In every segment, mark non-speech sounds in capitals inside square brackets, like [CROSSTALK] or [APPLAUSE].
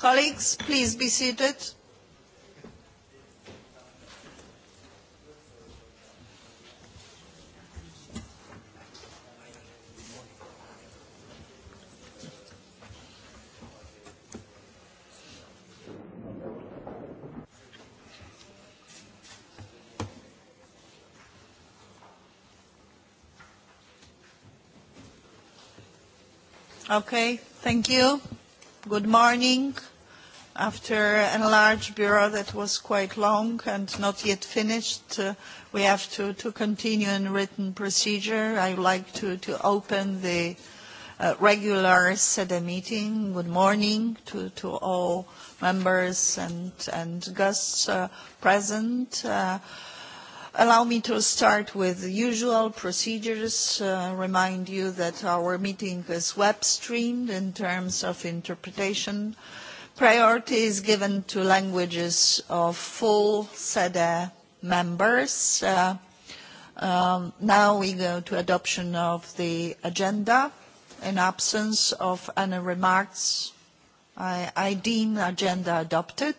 Colleagues, please be seated. Okay, thank you. Good morning after a large bureau that was quite long and not yet finished, uh, we have to, to continue in written procedure. I would like to, to open the uh, regular SEDA meeting. Good morning to, to all members and, and guests uh, present. Uh, Allow me to start with the usual procedures. Uh, remind you that our meeting is web streamed in terms of interpretation. Uh, Priority is given to languages of full SEDE members. Uh, um, now we go to adoption of the agenda. In absence of any remarks, I, I deem agenda adopted.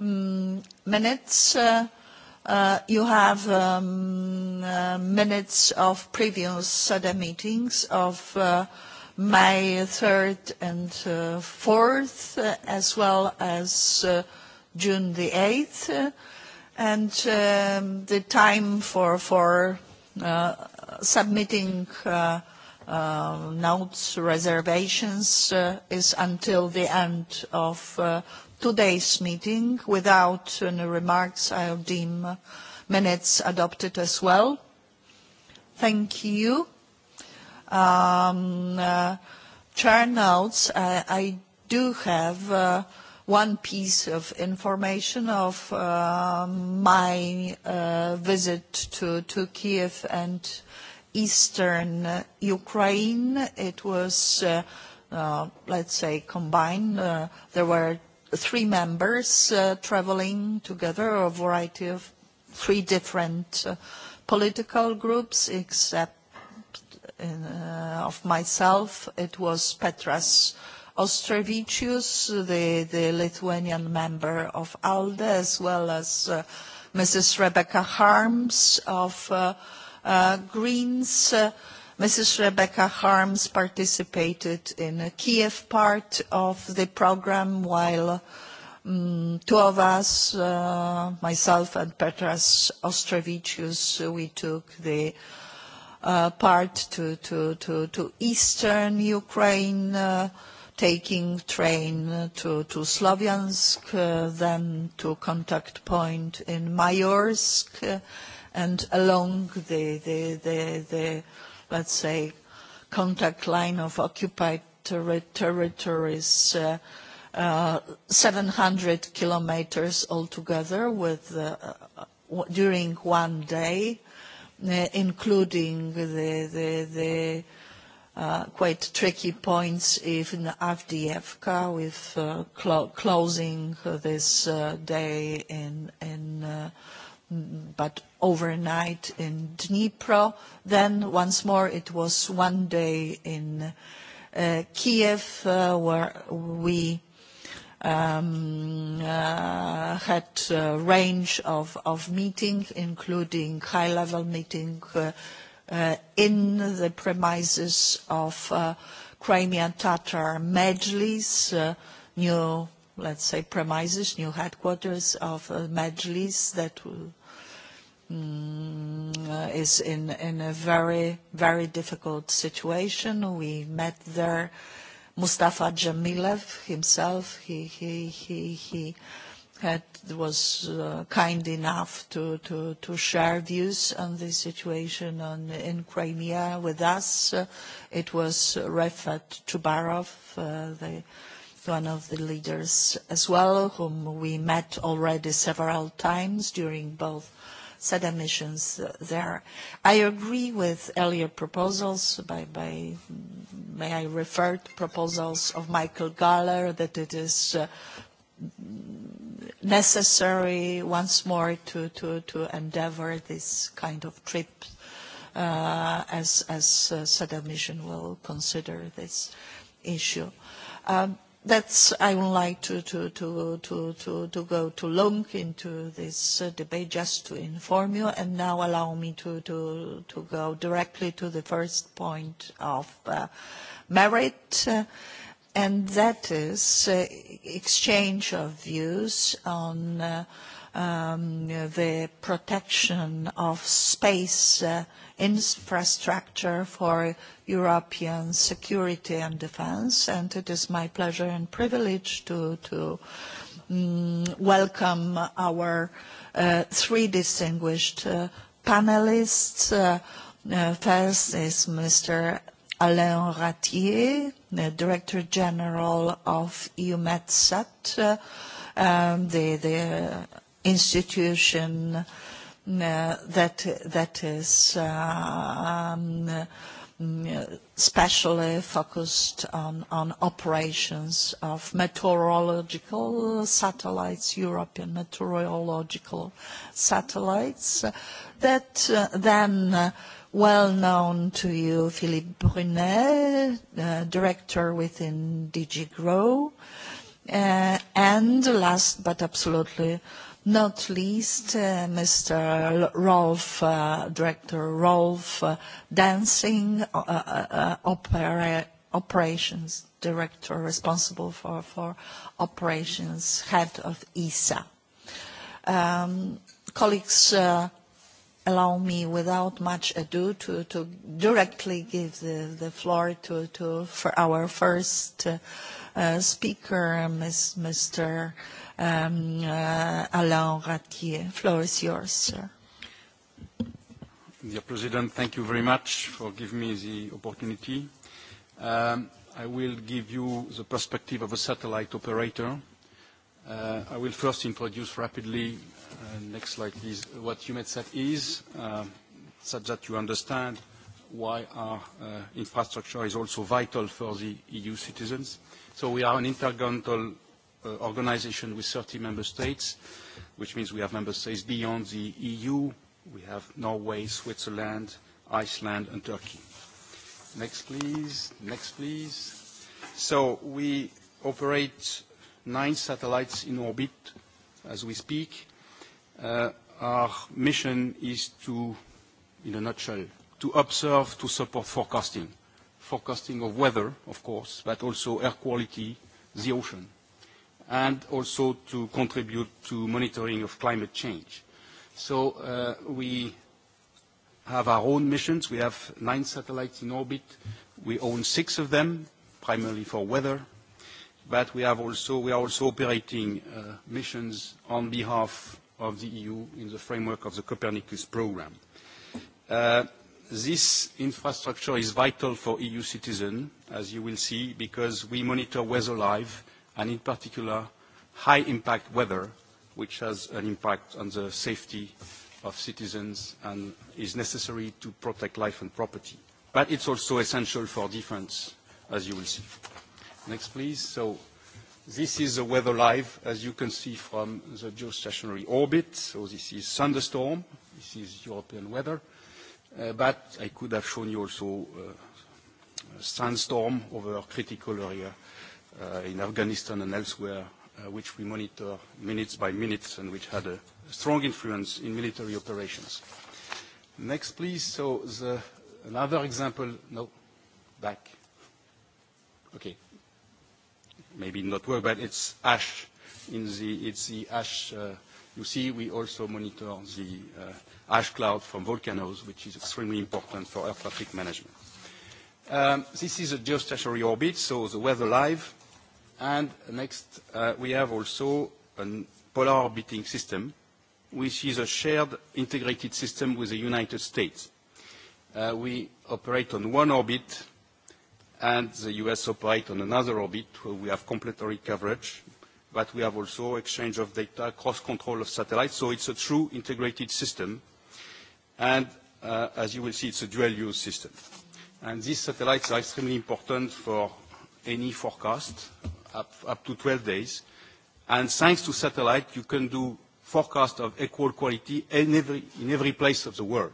Mm, minutes. Uh, uh, you have um, uh, minutes of previous SEDE meetings of uh, May 3rd and uh, 4th, uh, as well as uh, June the 8th. And um, the time for, for uh, submitting uh, uh, notes reservations is until the end of today's meeting. Without any remarks, I'll deem minutes adopted as well. Thank you um, uh, turnouts, I do have uh, one piece of information of uh, my uh, visit to, to Kiev and eastern Ukraine. It was, uh, uh, let's say, combined. Uh, there were three members uh, traveling together, a variety of three different uh, political groups, except uh, of myself. It was Petras Austrevicius, the, the Lithuanian member of ALDE, as well as uh, Mrs. Rebecca Harms of uh, uh, Greens. Uh, Mrs. Rebecca Harms participated in a Kiev part of the program, while um, two of us, uh, myself and Petras Austrevicius, we took the uh, Uh, part to, to, to, to eastern Ukraine, uh, taking train uh, to, to Sloviansk, uh, then to contact point in Majorsk, uh, and along the, the, the, the, let's say, contact line of occupied ter territories, uh, uh, 700 kilometers altogether with, uh, uh during one day Uh, including the, uh, quite tricky points even Avdiivka with uh, closing this day in, but overnight in Dnipro. Then once more it was one day in Kyiv, Kiev where we um, uh, had a range of, of meetings, including high-level meeting uh, uh, in the premises of uh, Crimean Tatar Medlis, uh, new, let's say, premises, new headquarters of uh, Medlis that Mm, uh, is in, in a very, very difficult situation. We met there uh, Mustafa Jamilev himself, he, he, he, he had, was uh, kind enough to, to, to share views on the situation on, in Crimea with us. Uh, it was Refat Chubarov, uh, the, one of the leaders as well, whom we met already several times during both set missions there. I agree with earlier proposals by, by may I refer to proposals of Michael Galler that it is uh, necessary once more to, to, to endeavor this kind of trip uh, as, as uh, mission will consider this issue. Um, that's I would like to, to, to, to, to, to go too long into this uh, debate just to inform you and now allow me to, to, to go directly to the first point of uh, merit uh, and that is uh, exchange of views on uh, um, the protection of space uh, infrastructure for European security and defence, and it is my pleasure and privilege to, to um, welcome our uh, three distinguished uh, panelists. Uh, uh first is Mr. Alain Ratier, the Director General of EUMETSAT, uh, um, the, the institution uh, that, that is um, specially focused on, on operations of meteorological satellites, European meteorological satellites, that uh, then uh, well known to you, Philippe Brunet, uh, director within DG GROW, uh, and last but absolutely not least uh, Mr. Rolf, uh, Director Rolf uh, Dancing, Operations Director responsible for, operations, head of ESA. Um, colleagues, allow me without much ado to, directly give the, floor to, for our first speaker, Mr um, uh, Alain Ratier. Floor is yours, sir. Mr. President, thank you very much for giving me the opportunity. Um, I will give you the perspective of a satellite operator. Uh, I will first introduce rapidly, uh, next slide please, what EUMETSAT is, uh, such that you understand why our uh, infrastructure is also vital for the EU citizens. So we are an intergovernmental uh, organization with 30 member states, which means we have member states beyond the EU. We have Norway, Switzerland, Iceland, and Turkey. Next, please. Next, please. So we operate nine satellites in orbit as we speak. Uh, our mission is to, in a nutshell, to observe, to support forecasting. Forecasting of weather, of course, but also air quality, the ocean and also to contribute to monitoring of climate change. So uh, we have our own missions. We have nine satellites in orbit. We own six of them, primarily for weather. But we, have also, we are also operating uh, missions on behalf of the EU in the framework of the Copernicus program. Uh, this infrastructure is vital for EU citizens, as you will see, because we monitor weather live and in particular high impact weather, which has an impact on the safety of citizens and is necessary to protect life and property. But it's also essential for defense, as you will see. Next, please. So this is the weather live, as you can see from the geostationary orbit. So this is thunderstorm. This is European weather. Uh, but I could have shown you also uh, a sandstorm over a critical area Uh, in Afghanistan and elsewhere, uh, which we monitor minutes by minutes and which had a strong influence in military operations. Next, please. So the, another example. No, back. Okay. Maybe not work, but it's ash. In the, it's the ash. Uh, you see, we also monitor the uh, ash cloud from volcanoes, which is extremely important for air traffic management. Um, this is a geostationary orbit, so the weather live And next, uh, we have also a polar orbiting system, which is a shared integrated system with the United States. Uh, we operate on one orbit, and the U.S. operate on another orbit, where we have complementary coverage, but we have also exchange of data, cross-control of satellites, so it's a true integrated system. And uh, as you will see, it's a dual-use system. And these satellites are extremely important for any forecast, up, up to 12 days. And thanks to satellite, you can do forecast of equal quality in every, in every place of the world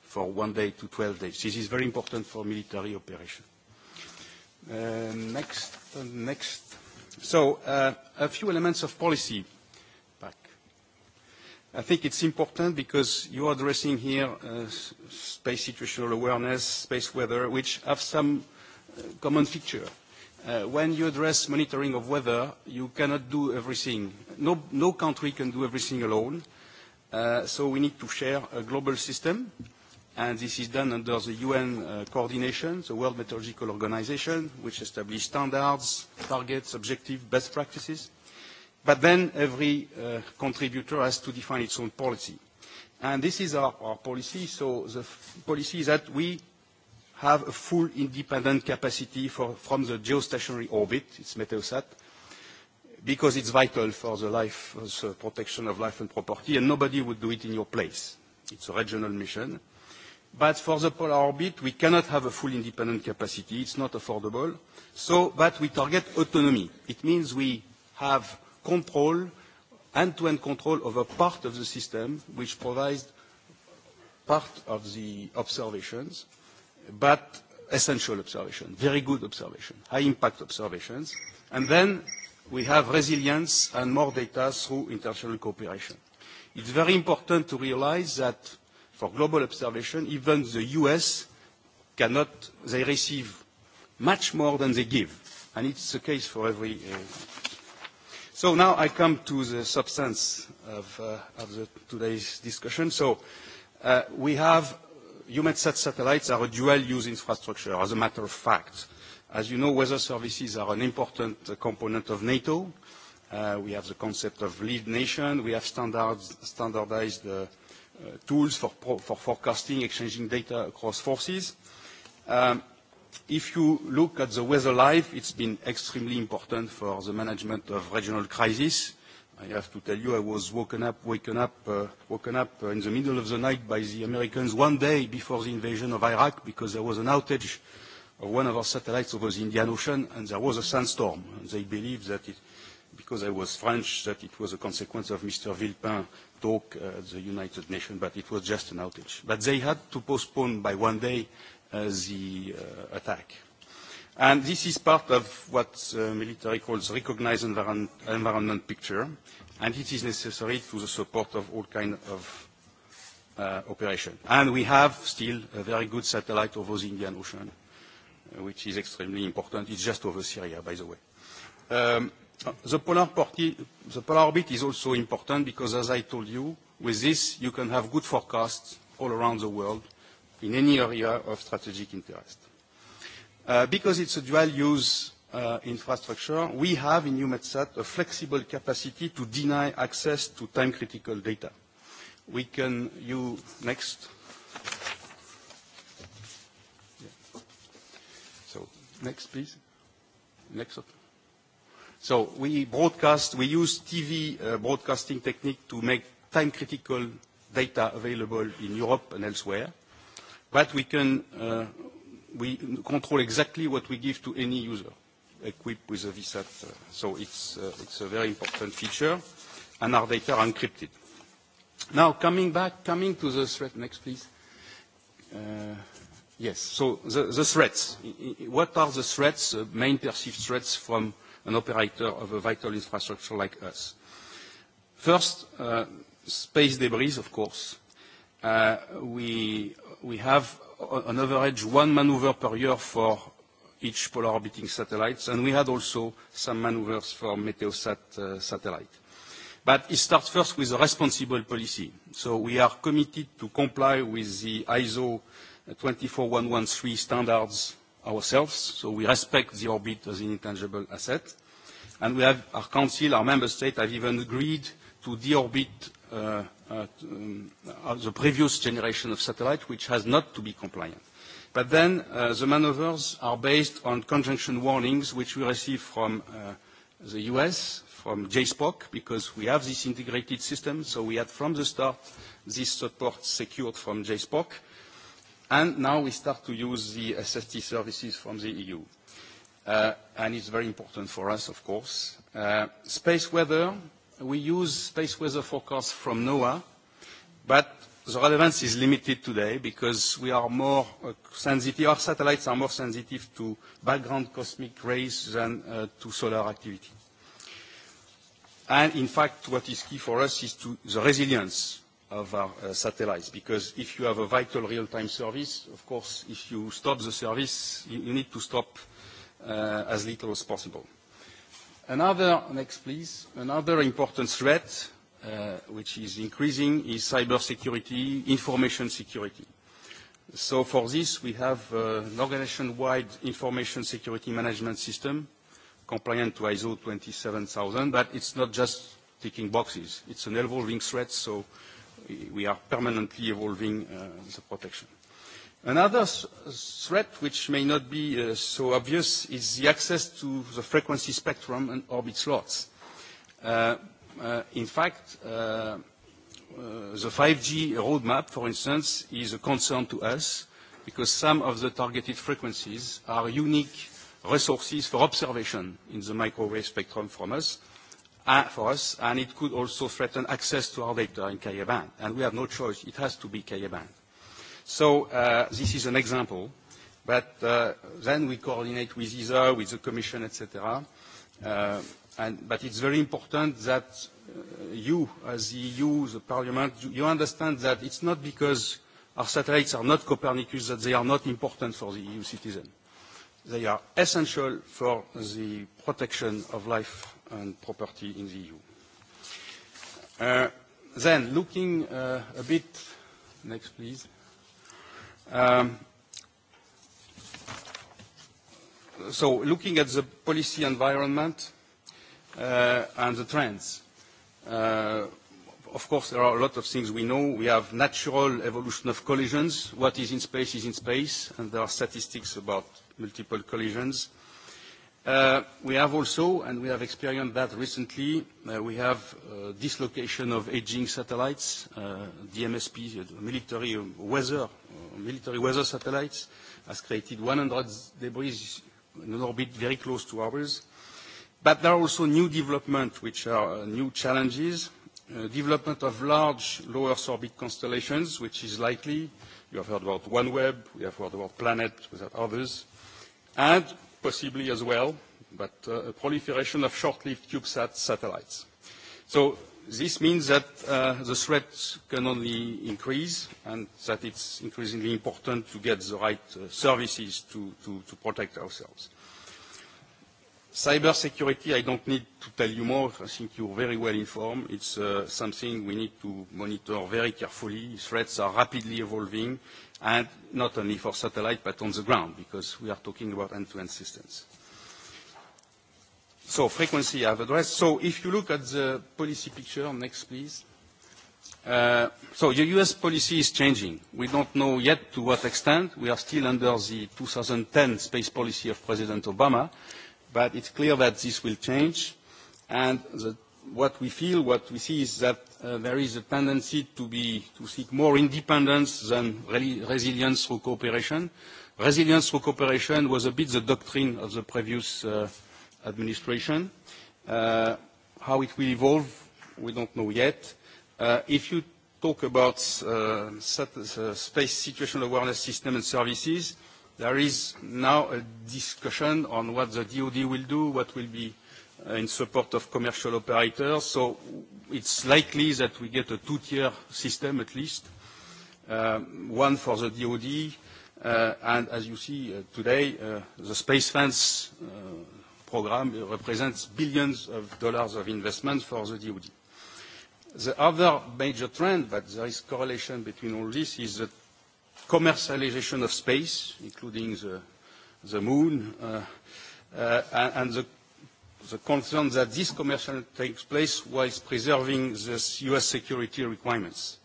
for one day to 12 days. This is very important for military operation. Uh, next, uh, next. So uh, a few elements of policy. I think it's important because you are addressing here uh, space situational awareness, space weather, which have some uh, common feature. Uh, when you address monitoring of weather, you cannot do everything. No, no country can do everything alone. Uh, so we need to share a global system, and this is done under the UN uh, coordination, the World Meteorological Organization, which establishes standards, targets, objectives, best practices. But then every uh, contributor has to define its own policy. And this is our, our policy, so the policy is that we have a full independent capacity for, from the geostationary orbit, it's Meteosat, because it's vital for the life, for the protection of life and property, and nobody would do it in your place. It's a regional mission. But for the polar orbit, we cannot have a full independent capacity. It's not affordable. So, but we target autonomy. It means we have control, end-to-end -end control over part of the system, which provides part of the observations but essential observation, very good observation, high impact observations. And then we have resilience and more data through international cooperation. It's very important to realize that for global observation, even the US cannot, they receive much more than they give. And it's the case for every. Uh, so now I come to the substance of, uh, of the, today's discussion. So uh, we have EUMETSAT satellites are a dual-use infrastructure, as a matter of fact. As you know, weather services are an important component of NATO. Uh, we have the concept of lead nation. We have standards, standardized uh, Uh, tools for, pro for forecasting, exchanging data across forces. Um, if you look at the weather life, it's been extremely important for the management of regional crises. I have to tell you, I was woken up, woken up, uh, woken up uh, in the middle of the night by the Americans one day before the invasion of Iraq because there was an outage of one of our satellites over the Indian Ocean and there was a sandstorm. And they believed that it, because I was French, that it was a consequence of Mr. Villepin talk at the United Nations, but it was just an outage. But they had to postpone by one day uh, the uh, attack. And this is part of what uh, military calls recognized environment, environment picture, and it is necessary to the support of all kinds of uh, operation. And we have still a very good satellite over the Indian Ocean, uh, which is extremely important. It's just over Syria, by the way. Um, the, polar party, the polar orbit is also important because, as I told you, with this you can have good forecasts all around the world in any area of strategic interest. Uh, because it's a dual-use uh, infrastructure, we have in EUMETSAT a flexible capacity to deny access to time-critical data. We can, you, next. So, next, please. Next So we broadcast, we use TV uh, broadcasting technique to make time-critical data available in Europe and elsewhere, but we can we control exactly what we give to any user equipped with a VSAT. Uh, so it's, uh, it's a very important feature, and our data are encrypted. Now, coming back, coming to the threat. Next, please. Uh, yes, so the, the threats. What are the threats, uh, main perceived threats from an operator of a vital infrastructure like us? First, uh, space debris, of course. Uh, we we have on average one maneuver per year for each polar orbiting satellites, and we had also some maneuvers for Meteosat uh, satellite. But it starts first with a responsible policy. So we are committed to comply with the ISO 24113 standards ourselves, so we respect the orbit as an intangible asset. And we have, our council, our member state have even agreed to deorbit uh, uh, um, uh, the previous generation of satellite, which has not to be compliant. But then uh, the maneuvers are based on conjunction warnings, which we receive from uh, the US, from JSPOC, because we have this integrated system, so we had from the start this support secured from JSPOC, and now we start to use the SST services from the EU. Uh, and it's very important for us, of course. Uh, space weather, we use space weather forecasts from NOAA, but the relevance is limited today because we are more uh, sensitive, our satellites are more sensitive to background cosmic rays than uh, to solar activity. And in fact, what is key for us is to the resilience of our uh, satellites, because if you have a vital real-time service, of course, if you stop the service, you, you need to stop uh, as little as possible. Another, next please, another important threat uh, which is increasing is cybersecurity, information security. So for this, we have uh, an organization-wide information security management system compliant to ISO 27000, but it's not just ticking boxes. It's an evolving threat, so we are permanently evolving uh, the protection. Another threat which may not be uh, so obvious is the access to the frequency spectrum and orbit slots. Uh, uh, in fact, uh, uh, the 5G roadmap, for instance, is a concern to us because some of the targeted frequencies are unique resources for observation in the microwave spectrum from us, uh, for us, and it could also threaten access to our data in Ka-band, and we have no choice. It has to be Ka-band. So uh, this is an example, but uh, then we coordinate with ESA, with the Commission, etc. Uh, but it's very important that uh, you, as the EU, the Parliament, you understand that it's not because our satellites are not Copernicus that they are not important for the EU citizen. They are essential for the protection of life and property in the EU. then, looking a bit, next please. Um, so looking at the policy environment uh, and the trends, uh, of course, there are a lot of things we know. We have natural evolution of collisions. What is in space is in space, and there are statistics about multiple collisions. Uh, Uh, we have also, and we have experienced that recently, uh, we have uh, dislocation of aging satellites, uh, DMSP, uh, military weather, military weather satellites, has created 100 debris in an orbit very close to ours. But there are also new development, which are new challenges. Development of large low Earth orbit constellations, which is likely. You have heard about OneWeb, we have heard about Planet, with others. And possibly as well, but uh, a proliferation of short-lived CubeSat satellites. So this means that uh, the threat can only increase and that it's increasingly important to get the right uh, services to, to, to protect ourselves. Cybersecurity, I don't need to tell you more. I think you're very well informed. It's uh, something we need to monitor very carefully. Threats are rapidly evolving, and not only for satellite, but on the ground, because we are talking about end-to-end -end systems. So frequency I've addressed. So if you look at the policy picture, next please. Uh, so the U.S. policy is changing. We don't know yet to what extent. We are still under the 2010 space policy of President Obama. But it's clear that this will change. And the, what we feel, what we see is that uh, there is a tendency to, be, to seek more independence than re resilience through cooperation. Resilience through cooperation was a bit the doctrine of the previous uh, administration. Uh, how it will evolve, we don't know yet. Uh, if you talk about uh, uh space situational awareness system and services, uh, There is now a discussion on what the DoD will do, what will be uh, in support of commercial operators. So it's likely that we get a two-tier system at least, um, one for the DoD, uh, and as you see uh, today, uh, the Space Fence uh, program represents billions of dollars of investment for the DoD. The other major trend, but there is correlation between all this, is that commercialization of space, including the, the moon, uh, uh, and the, the concern that this commercial takes place whilst preserving the U.S. security requirements.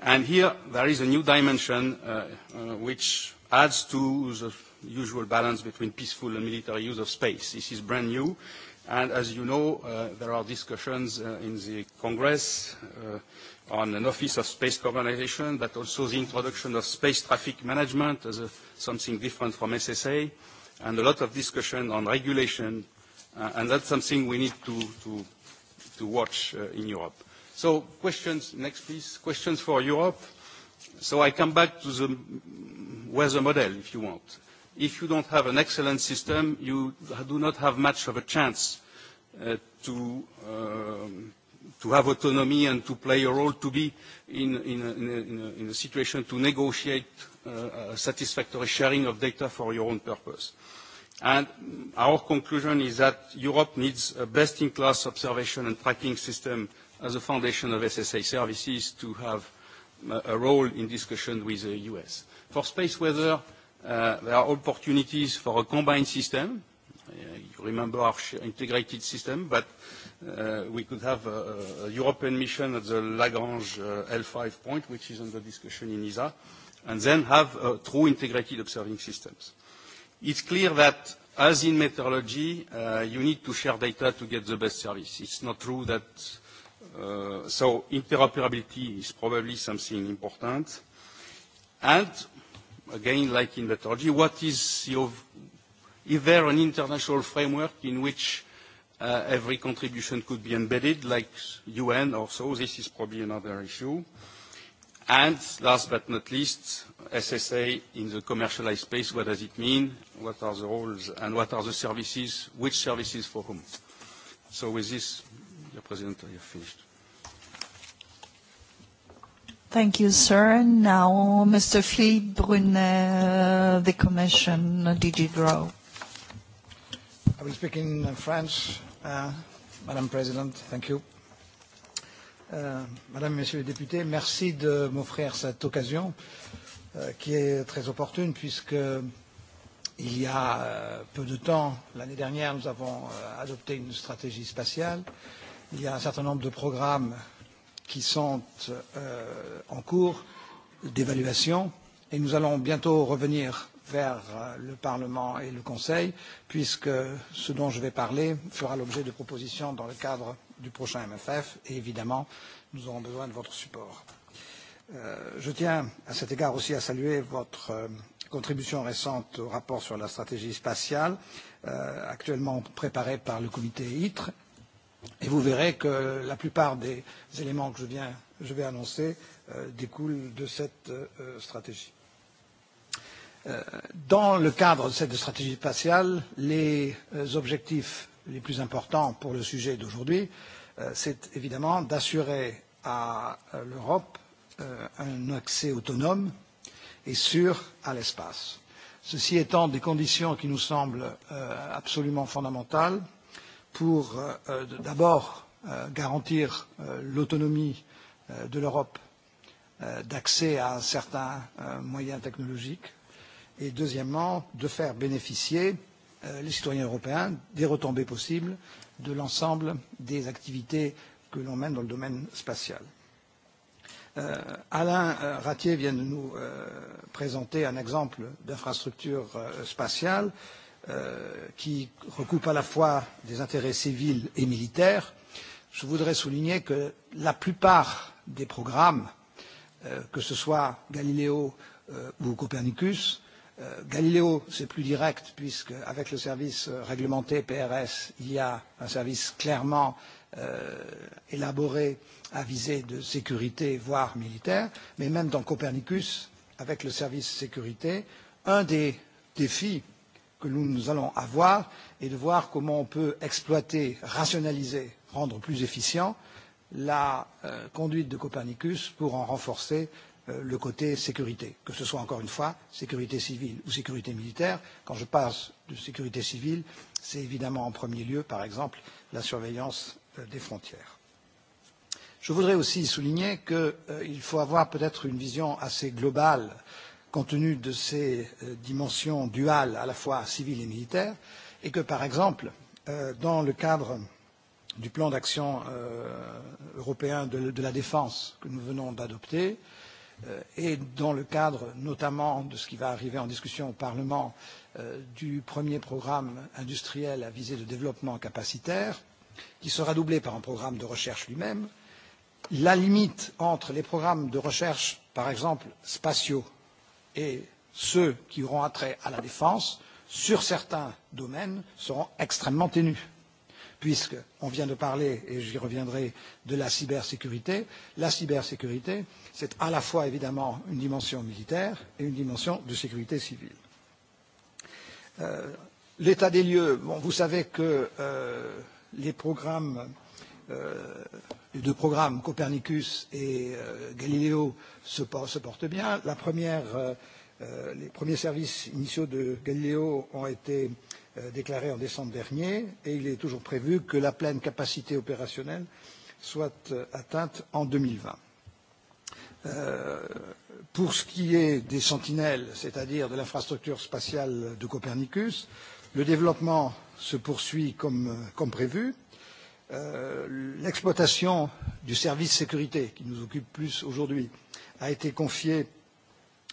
And here there is a new dimension uh, uh, which adds to the usual balance between peaceful and military use of space. This is brand new, and as you know, uh, there are discussions uh, in the Congress uh, on an Office of Space Colonization, but also the introduction of space traffic management as a, something different from SSA, and a lot of discussion on regulation, uh, and that's something we need to, to, to watch uh, in Europe. So questions, next please, questions for Europe. So I come back to the weather model, if you want if you don't have an excellent system, you do not have much of a chance uh, to, um, to have autonomy and to play a role, to be in, in, a, in, a, in, a, in a situation to negotiate uh, a satisfactory sharing of data for your own purpose. And our conclusion is that Europe needs a best-in-class observation and tracking system as a foundation of SSA services to have a role in discussion with the US. For space weather, Uh, there are opportunities for a combined system. Uh, you remember our integrated system, but uh, we could have a, a European mission at the Lagrange uh, L5 point, which is under discussion in ESA, and then have uh, true integrated observing systems. It's clear that as in meteorology, uh, you need to share data to get the best service. It's not true that uh, so interoperability is probably something important. And again, like in Torgi, what is your, is there an international framework in which uh, every contribution could be embedded, like UN or so? This is probably another issue. And last but not least, SSA in the commercialized space, what does it mean? What are the roles and what are the services? Which services for whom? So with this, the President, I have finished. Thank you, sir. now, Mr. Philippe Brunet, the Commission, DG GROW. I will speak in French, uh, Madam President. Thank you. Euh, Madame, Messieurs les députés, merci de m'offrir cette occasion uh, qui est très opportune puisque il y a euh, peu de temps, l'année dernière, nous avons euh, adopté une stratégie spatiale. Il y a un certain nombre de programmes qui sont euh, en cours d'évaluation et nous allons bientôt revenir vers euh, le Parlement et le Conseil, puisque ce dont je vais parler fera l'objet de propositions dans le cadre du prochain MFF et évidemment, nous aurons besoin de votre support. Euh, je tiens à cet égard aussi à saluer votre euh, contribution récente au rapport sur la stratégie spatiale, euh, actuellement préparé par le comité ITRE Et vous verrez que la plupart des éléments que je, viens, je vais annoncer euh, découlent de cette euh, euh stratégie. Euh, dans le cadre de cette stratégie spatiale, les euh, objectifs les plus importants pour le sujet d'aujourd'hui, c'est évidemment d'assurer à l'Europe un accès autonome et sûr à l'espace. Ceci étant des conditions qui nous semblent absolument fondamentales pour euh, euh, d'abord euh, garantir euh, l'autonomie euh, de l'Europe euh, d'accès à certains euh, moyens technologiques et deuxièmement de faire bénéficier euh, les citoyens européens des retombées possibles de l'ensemble des activités que l'on mène dans le domaine spatial. Euh, Alain euh, Ratier vient de nous euh, présenter un exemple d'infrastructure euh, spatiale euh, Euh, qui recoupe à la fois des intérêts civils et militaires, je voudrais souligner que la plupart des programmes, euh, que ce soit Galileo euh, ou Copernicus, euh, Galileo, c'est plus direct, puisque avec le service réglementé PRS, il y a un service clairement euh, élaboré à visée de sécurité, voire militaire, mais même dans Copernicus, avec le service sécurité, un des défis que nous allons avoir et de voir comment on peut exploiter, rationaliser, rendre plus efficient la euh, conduite de Copernicus pour en renforcer euh, le côté sécurité, que ce soit encore une fois sécurité civile ou sécurité militaire. Quand je passe de sécurité civile, c'est évidemment en premier lieu, par exemple, la surveillance euh, des frontières. Je voudrais aussi souligner qu'il euh, faut avoir peut-être une vision assez globale euh, compte tenu de ses euh, dimensions duales, à la fois civiles et militaires, et que, par exemple, euh, dans le cadre du plan d'action euh, européen de la défense que nous venons d'adopter, et dans le cadre notamment de ce qui va arriver en discussion au Parlement du premier programme industriel à visée de développement capacitaire, qui sera doublé par un programme de recherche lui-même, la limite entre les programmes de recherche, par exemple spatiaux, et ceux qui auront attrait à la défense, sur certains domaines, seront extrêmement ténus. Puisqu'on vient de parler, et j'y reviendrai, de la cybersécurité, la cybersécurité, c'est à la fois évidemment une dimension militaire et une dimension de sécurité civile. Euh, L'état des lieux, bon, vous savez que euh, les programmes euh, les deux programmes Copernicus et euh, Galileo se, se portent bien. La première, euh, euh, les premiers services initiaux de Galileo ont été euh, déclarés en décembre dernier et il est toujours prévu que la pleine capacité opérationnelle soit euh, atteinte en 2020. Euh, pour ce qui est des sentinelles, c'est-à-dire de l'infrastructure spatiale de Copernicus, le développement se poursuit comme, euh, comme prévu. Euh, Euh, l'exploitation du service sécurité, qui nous occupe plus aujourd'hui, a été confiée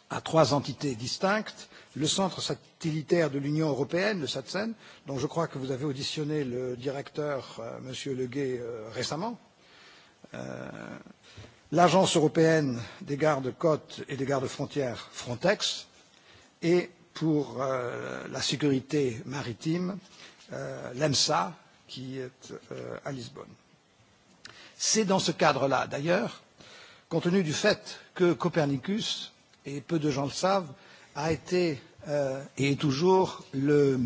à trois entités distinctes le centre satellitaire de l'Union européenne, le SATSEN, dont je crois que vous avez auditionné le directeur, euh, M. Leguet, euh, récemment, euh, l'Agence européenne des gardes-côtes et des gardes-frontières, Frontex, et pour euh, la sécurité maritime, euh, l'EMSA, qui est euh, à Lisbonne. C'est dans ce cadre-là, d'ailleurs, compte tenu du fait que Copernicus, et peu de gens le savent, a été euh, et est toujours le,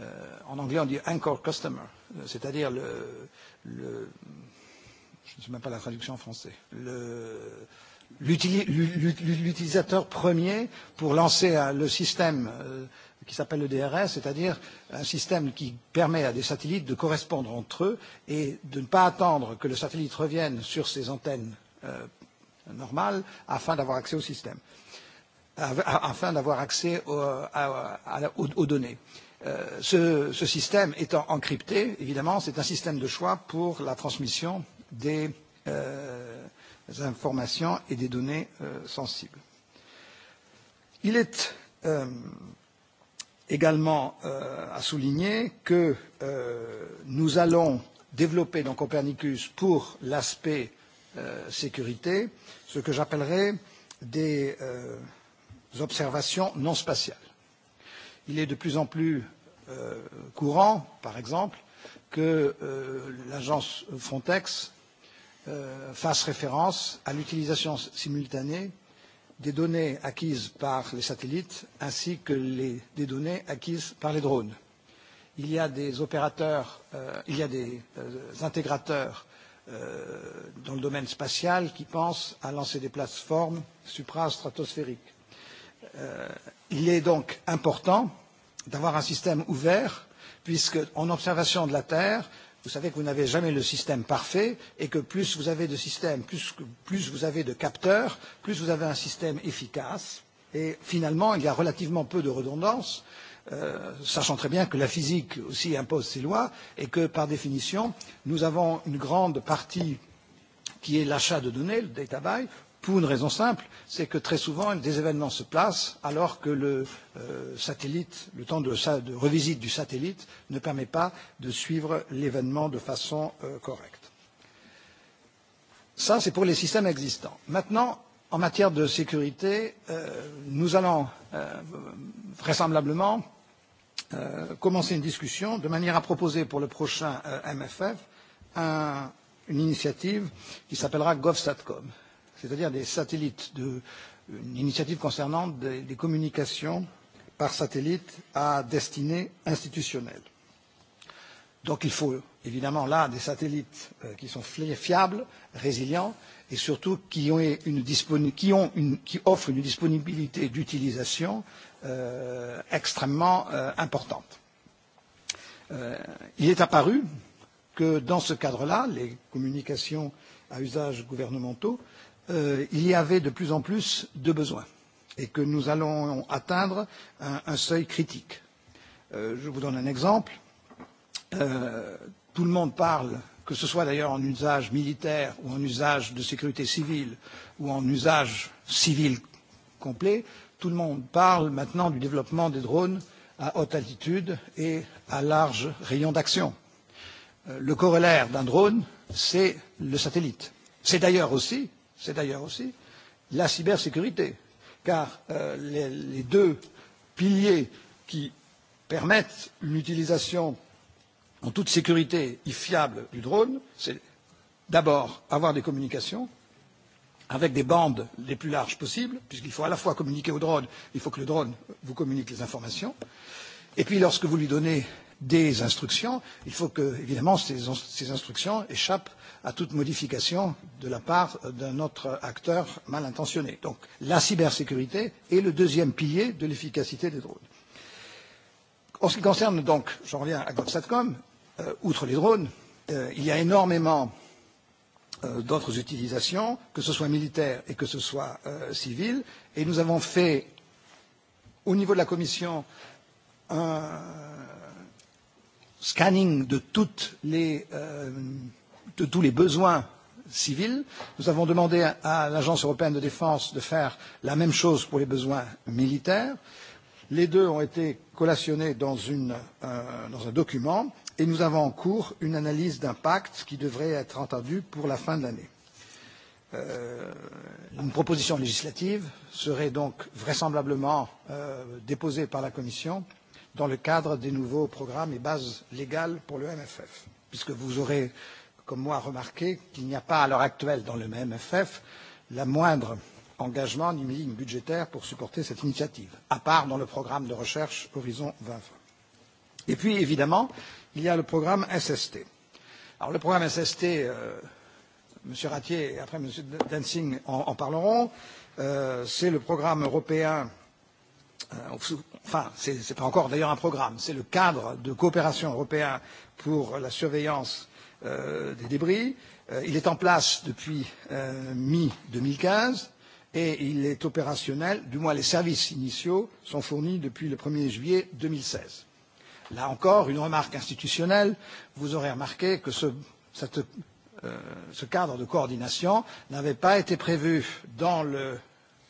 euh, en anglais on dit anchor customer, c'est-à-dire le, le, je ne sais même pas la traduction en français, le, l'utilisateur premier pour lancer euh, le système euh, qui s'appelle le DRS, c'est-à-dire un système qui permet à des satellites de correspondre entre eux et de ne pas attendre que le satellite revienne sur ses antennes euh, normales afin d'avoir accès au système, afin d'avoir accès au, à, à, aux, aux données. Euh, ce, ce système étant encrypté, évidemment, c'est un système de choix pour la transmission des euh, informations et des données euh, sensibles. Il est euh, également euh, à souligner que euh, nous allons développer dans Copernicus pour l'aspect euh, sécurité ce que j'appellerais des euh, observations non spatiales. Il est de plus en plus euh, courant, par exemple, que euh, l'agence Frontex euh, fasse référence à l'utilisation simultanée euh, des données acquises par les satellites ainsi que les, des données acquises par les drones. Il y a des opérateurs, euh, il y a des euh, intégrateurs euh, dans le domaine spatial qui pensent à lancer des plateformes suprastratosphériques. Euh, il est donc important d'avoir un système ouvert puisque, en observation de la Terre, Vous savez que vous n'avez jamais le système parfait et que plus vous avez de systèmes, plus, plus vous avez de capteurs, plus vous avez un système efficace. Et finalement, il y a relativement peu de redondance, euh, sachant très bien que la physique aussi impose ses lois et que, par définition, nous avons une grande partie qui est l'achat de données, le data buy, pour une raison simple, c'est que très souvent, des événements se placent alors que le euh, satellite, le temps de, de revisite du satellite ne permet pas de suivre l'événement de façon euh, correcte. Ça, c'est pour les systèmes existants. Maintenant, en matière de sécurité, euh, nous allons euh, vraisemblablement euh, commencer une discussion de manière à proposer pour le prochain euh, MFF un, une initiative qui s'appellera GovSatcom c'est-à-dire des satellites, de, une initiative concernant des, des communications par satellite à destinée institutionnelle. Donc il faut évidemment là des satellites euh, qui sont fiables, résilients et surtout qui, ont une qui, ont une, qui offrent une disponibilité d'utilisation euh, extrêmement euh, importante. Euh, il est apparu que dans ce cadre-là, les communications à usage gouvernementaux euh, euh, il y avait de plus en plus de besoins et que nous allons atteindre un, un seuil critique. Euh, je vous donne un exemple. Euh, tout le monde parle, que ce soit d'ailleurs en usage militaire ou en usage de sécurité civile ou en usage civil complet, tout le monde parle maintenant du développement des drones à haute altitude et à large rayon d'action. Euh, le corollaire d'un drone, c'est le satellite. C'est d'ailleurs aussi c'est d'ailleurs aussi la cybersécurité, car euh, les, les deux piliers qui permettent une utilisation en toute sécurité et fiable du drone, c'est d'abord avoir des communications avec des bandes les plus larges possibles, puisqu'il faut à la fois communiquer au drone, il faut que le drone vous communique les informations. Et puis lorsque vous lui donnez des instructions, il faut que, évidemment, ces, ces instructions échappent à toute modification de la part euh, d'un autre acteur mal intentionné. Donc, la cybersécurité est le deuxième pilier de l'efficacité des drones. En ce qui concerne donc, j'en reviens à GovSatcom, euh, outre les drones, euh, il y a énormément euh, d'autres utilisations, que ce soit militaire et que ce soit euh, civil, et nous avons fait, au niveau de la Commission, un, scanning de, toutes les, euh, de tous les besoins civils. Nous avons demandé à l'Agence européenne de défense de faire la même chose pour les besoins militaires. Les deux ont été collationnés dans, une, euh, dans un document et nous avons en cours une analyse d'impact qui devrait être entendue pour la fin de l'année. Euh, une proposition législative serait donc vraisemblablement euh, déposée par la Commission dans le cadre des nouveaux programmes et bases légales pour le MFF, puisque vous aurez, comme moi, remarqué qu'il n'y a pas à l'heure actuelle dans le MFF la moindre engagement ni ligne budgétaire pour supporter cette initiative, à part dans le programme de recherche Horizon 2020. Et puis, évidemment, il y a le programme SST. Alors, le programme SST, euh, M. Ratier et après M. Dancing en, en parleront, euh, c'est le programme européen euh, enfin, ce n'est pas encore d'ailleurs un programme, c'est le cadre de coopération européen pour la surveillance euh, des débris. Euh, il est en place depuis euh, mi-2015 et il est opérationnel, du moins les services initiaux sont fournis depuis le 1er juillet 2016. Là encore, une remarque institutionnelle, vous aurez remarqué que ce, cette, euh, ce cadre de coordination n'avait pas été prévu dans le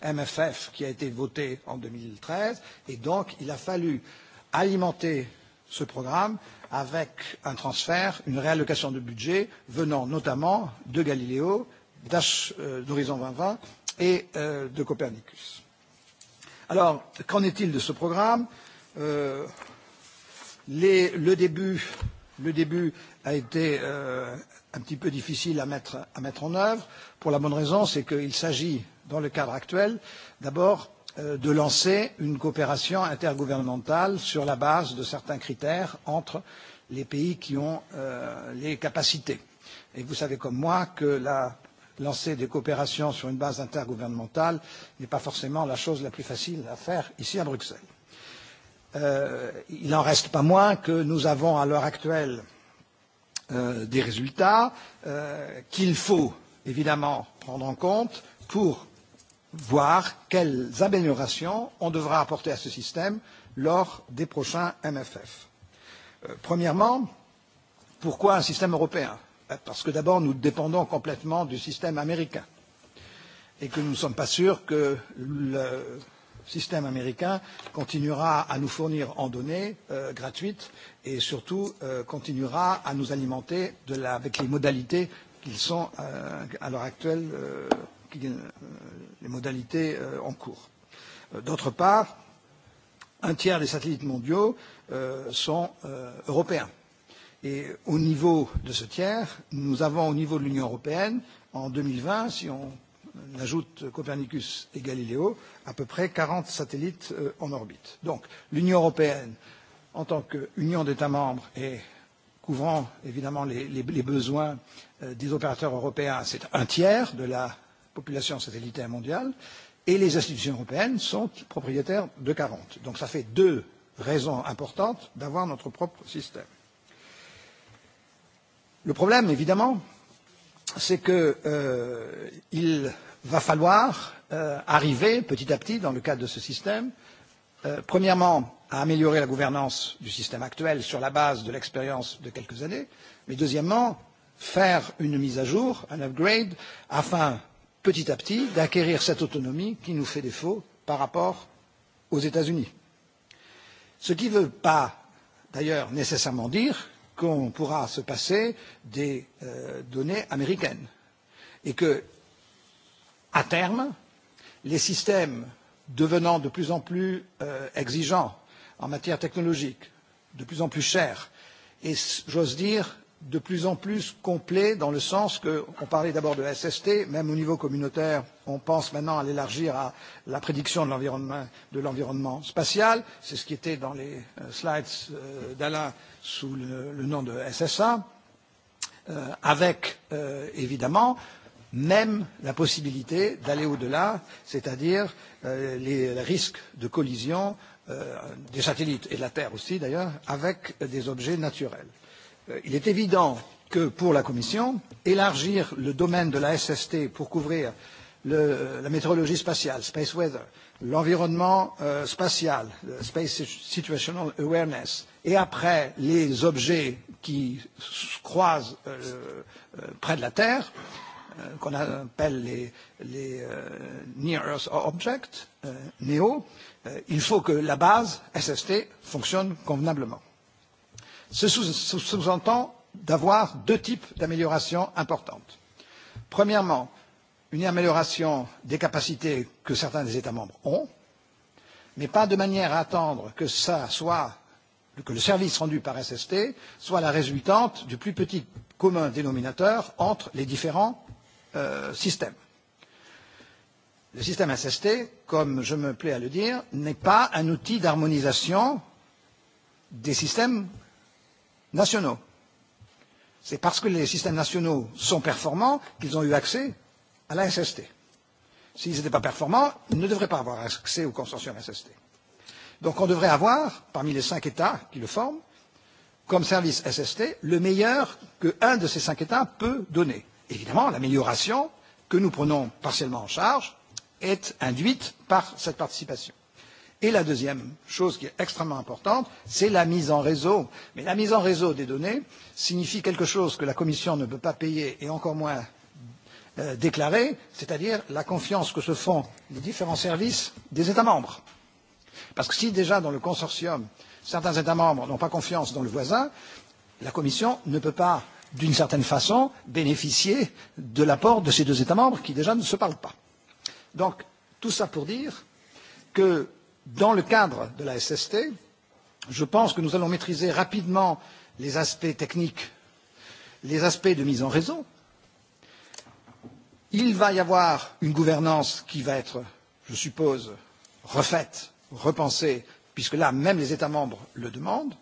MFF qui a été voté en 2013. Et donc, il a fallu alimenter ce programme avec un transfert, une réallocation de budget venant notamment de Galiléo, euh, d'Horizon 2020 et euh, de Copernicus. Alors, qu'en est-il de ce programme euh, les, le, début, le début a été euh, un petit peu difficile à mettre, à mettre en œuvre pour la bonne raison, c'est qu'il s'agit dans le cadre actuel, d'abord euh, de lancer une coopération intergouvernementale sur la base de certains critères entre les pays qui ont euh, les capacités. Et vous savez comme moi que la lancer des coopérations sur une base intergouvernementale n'est pas forcément la chose la plus facile à faire ici à Bruxelles. Euh, il n'en reste pas moins que nous avons à l'heure actuelle euh, des résultats euh, qu'il faut évidemment prendre en compte pour voir quelles améliorations on devra apporter à ce système lors des prochains MFF. Euh, premièrement, pourquoi un système européen euh, Parce que d'abord, nous dépendons complètement du système américain et que nous ne sommes pas sûrs que le système américain continuera à nous fournir en données euh, gratuites et surtout euh, continuera à nous alimenter de la, avec les modalités qu'ils sont euh, à l'heure actuelle euh, Euh, les modalités euh, en cours. Euh, d'autre part, un tiers des satellites mondiaux sont européens. Et au niveau de ce tiers, nous avons au niveau de l'Union européenne, en 2020, si on ajoute Copernicus et Galileo, à peu près 40 satellites en orbite. Donc l'Union européenne, en tant qu'union d'États membres et couvrant évidemment les, les, les besoins des opérateurs européens, c'est un tiers de la population satellitaire mondiale, et les institutions européennes sont propriétaires de 40. Donc ça fait deux raisons importantes d'avoir notre propre système. Le problème, évidemment, c'est qu'il euh, va falloir euh, arriver petit à petit, dans le cadre de ce système, euh, premièrement, à améliorer la gouvernance du système actuel sur la base de l'expérience de quelques années, mais deuxièmement, faire une mise à jour, un upgrade, afin petit à petit d'acquérir cette autonomie qui nous fait défaut par rapport aux États-Unis. Ce qui ne veut pas d'ailleurs nécessairement dire qu'on pourra se passer des euh, données américaines et que, à terme, les systèmes devenant de plus en plus euh, exigeants en matière technologique, de plus en plus chers et, j'ose dire, de plus en plus complet dans le sens qu'on parlait d'abord de SST, même au niveau communautaire, on pense maintenant à l'élargir à la prédiction de l'environnement spatial. C'est ce qui était dans les euh, slides euh, d'Alain sous le, le nom de SSA, euh, avec euh, évidemment même la possibilité d'aller au-delà, c'est-à-dire euh, les, les risques de collision euh, des satellites et de la Terre aussi d'ailleurs avec des objets naturels. Euh, il est évident que pour la Commission, élargir le domaine de la SST pour couvrir le, la météorologie spatiale, space weather, l'environnement euh, spatial, euh, space situational awareness, et après les objets qui se croisent euh, euh, près de la Terre, euh, qu'on appelle les, les euh, Near Earth Objects, euh, NEO, euh, il faut que la base SST fonctionne convenablement. Ce sous-entend d'avoir deux types d'améliorations importantes. Premièrement, une amélioration des capacités que certains des États membres ont, mais pas de manière à attendre que ça soit que le service rendu par SST soit la résultante du plus petit commun dénominateur entre les différents euh, systèmes. Le système SST, comme je me plais à le dire, n'est pas un outil d'harmonisation des systèmes nationaux. C'est parce que les systèmes nationaux sont performants qu'ils ont eu accès à la SST. S'ils n'étaient pas performants, ils ne devraient pas avoir accès au consortium SST. Donc on devrait avoir, parmi les cinq États qui le forment, comme service SST, le meilleur qu'un de ces cinq États peut donner. Évidemment, l'amélioration que nous prenons partiellement en charge est induite par cette participation. Et la deuxième chose qui est extrêmement importante, c'est la mise en réseau. Mais la mise en réseau des données signifie quelque chose que la Commission ne peut pas payer et encore moins euh, déclarer, c'est-à-dire la confiance que se font les différents services des États membres. Parce que si déjà dans le consortium, certains États membres n'ont pas confiance dans le voisin, la Commission ne peut pas, d'une certaine façon, bénéficier de l'apport de ces deux États membres qui déjà ne se parlent pas. Donc, tout ça pour dire que dans le cadre de la SST, je pense que nous allons maîtriser rapidement les aspects techniques, les aspects de mise en réseau. Il va y avoir une gouvernance qui va être, je suppose, refaite, repensée, puisque là, même les États membres le demandent.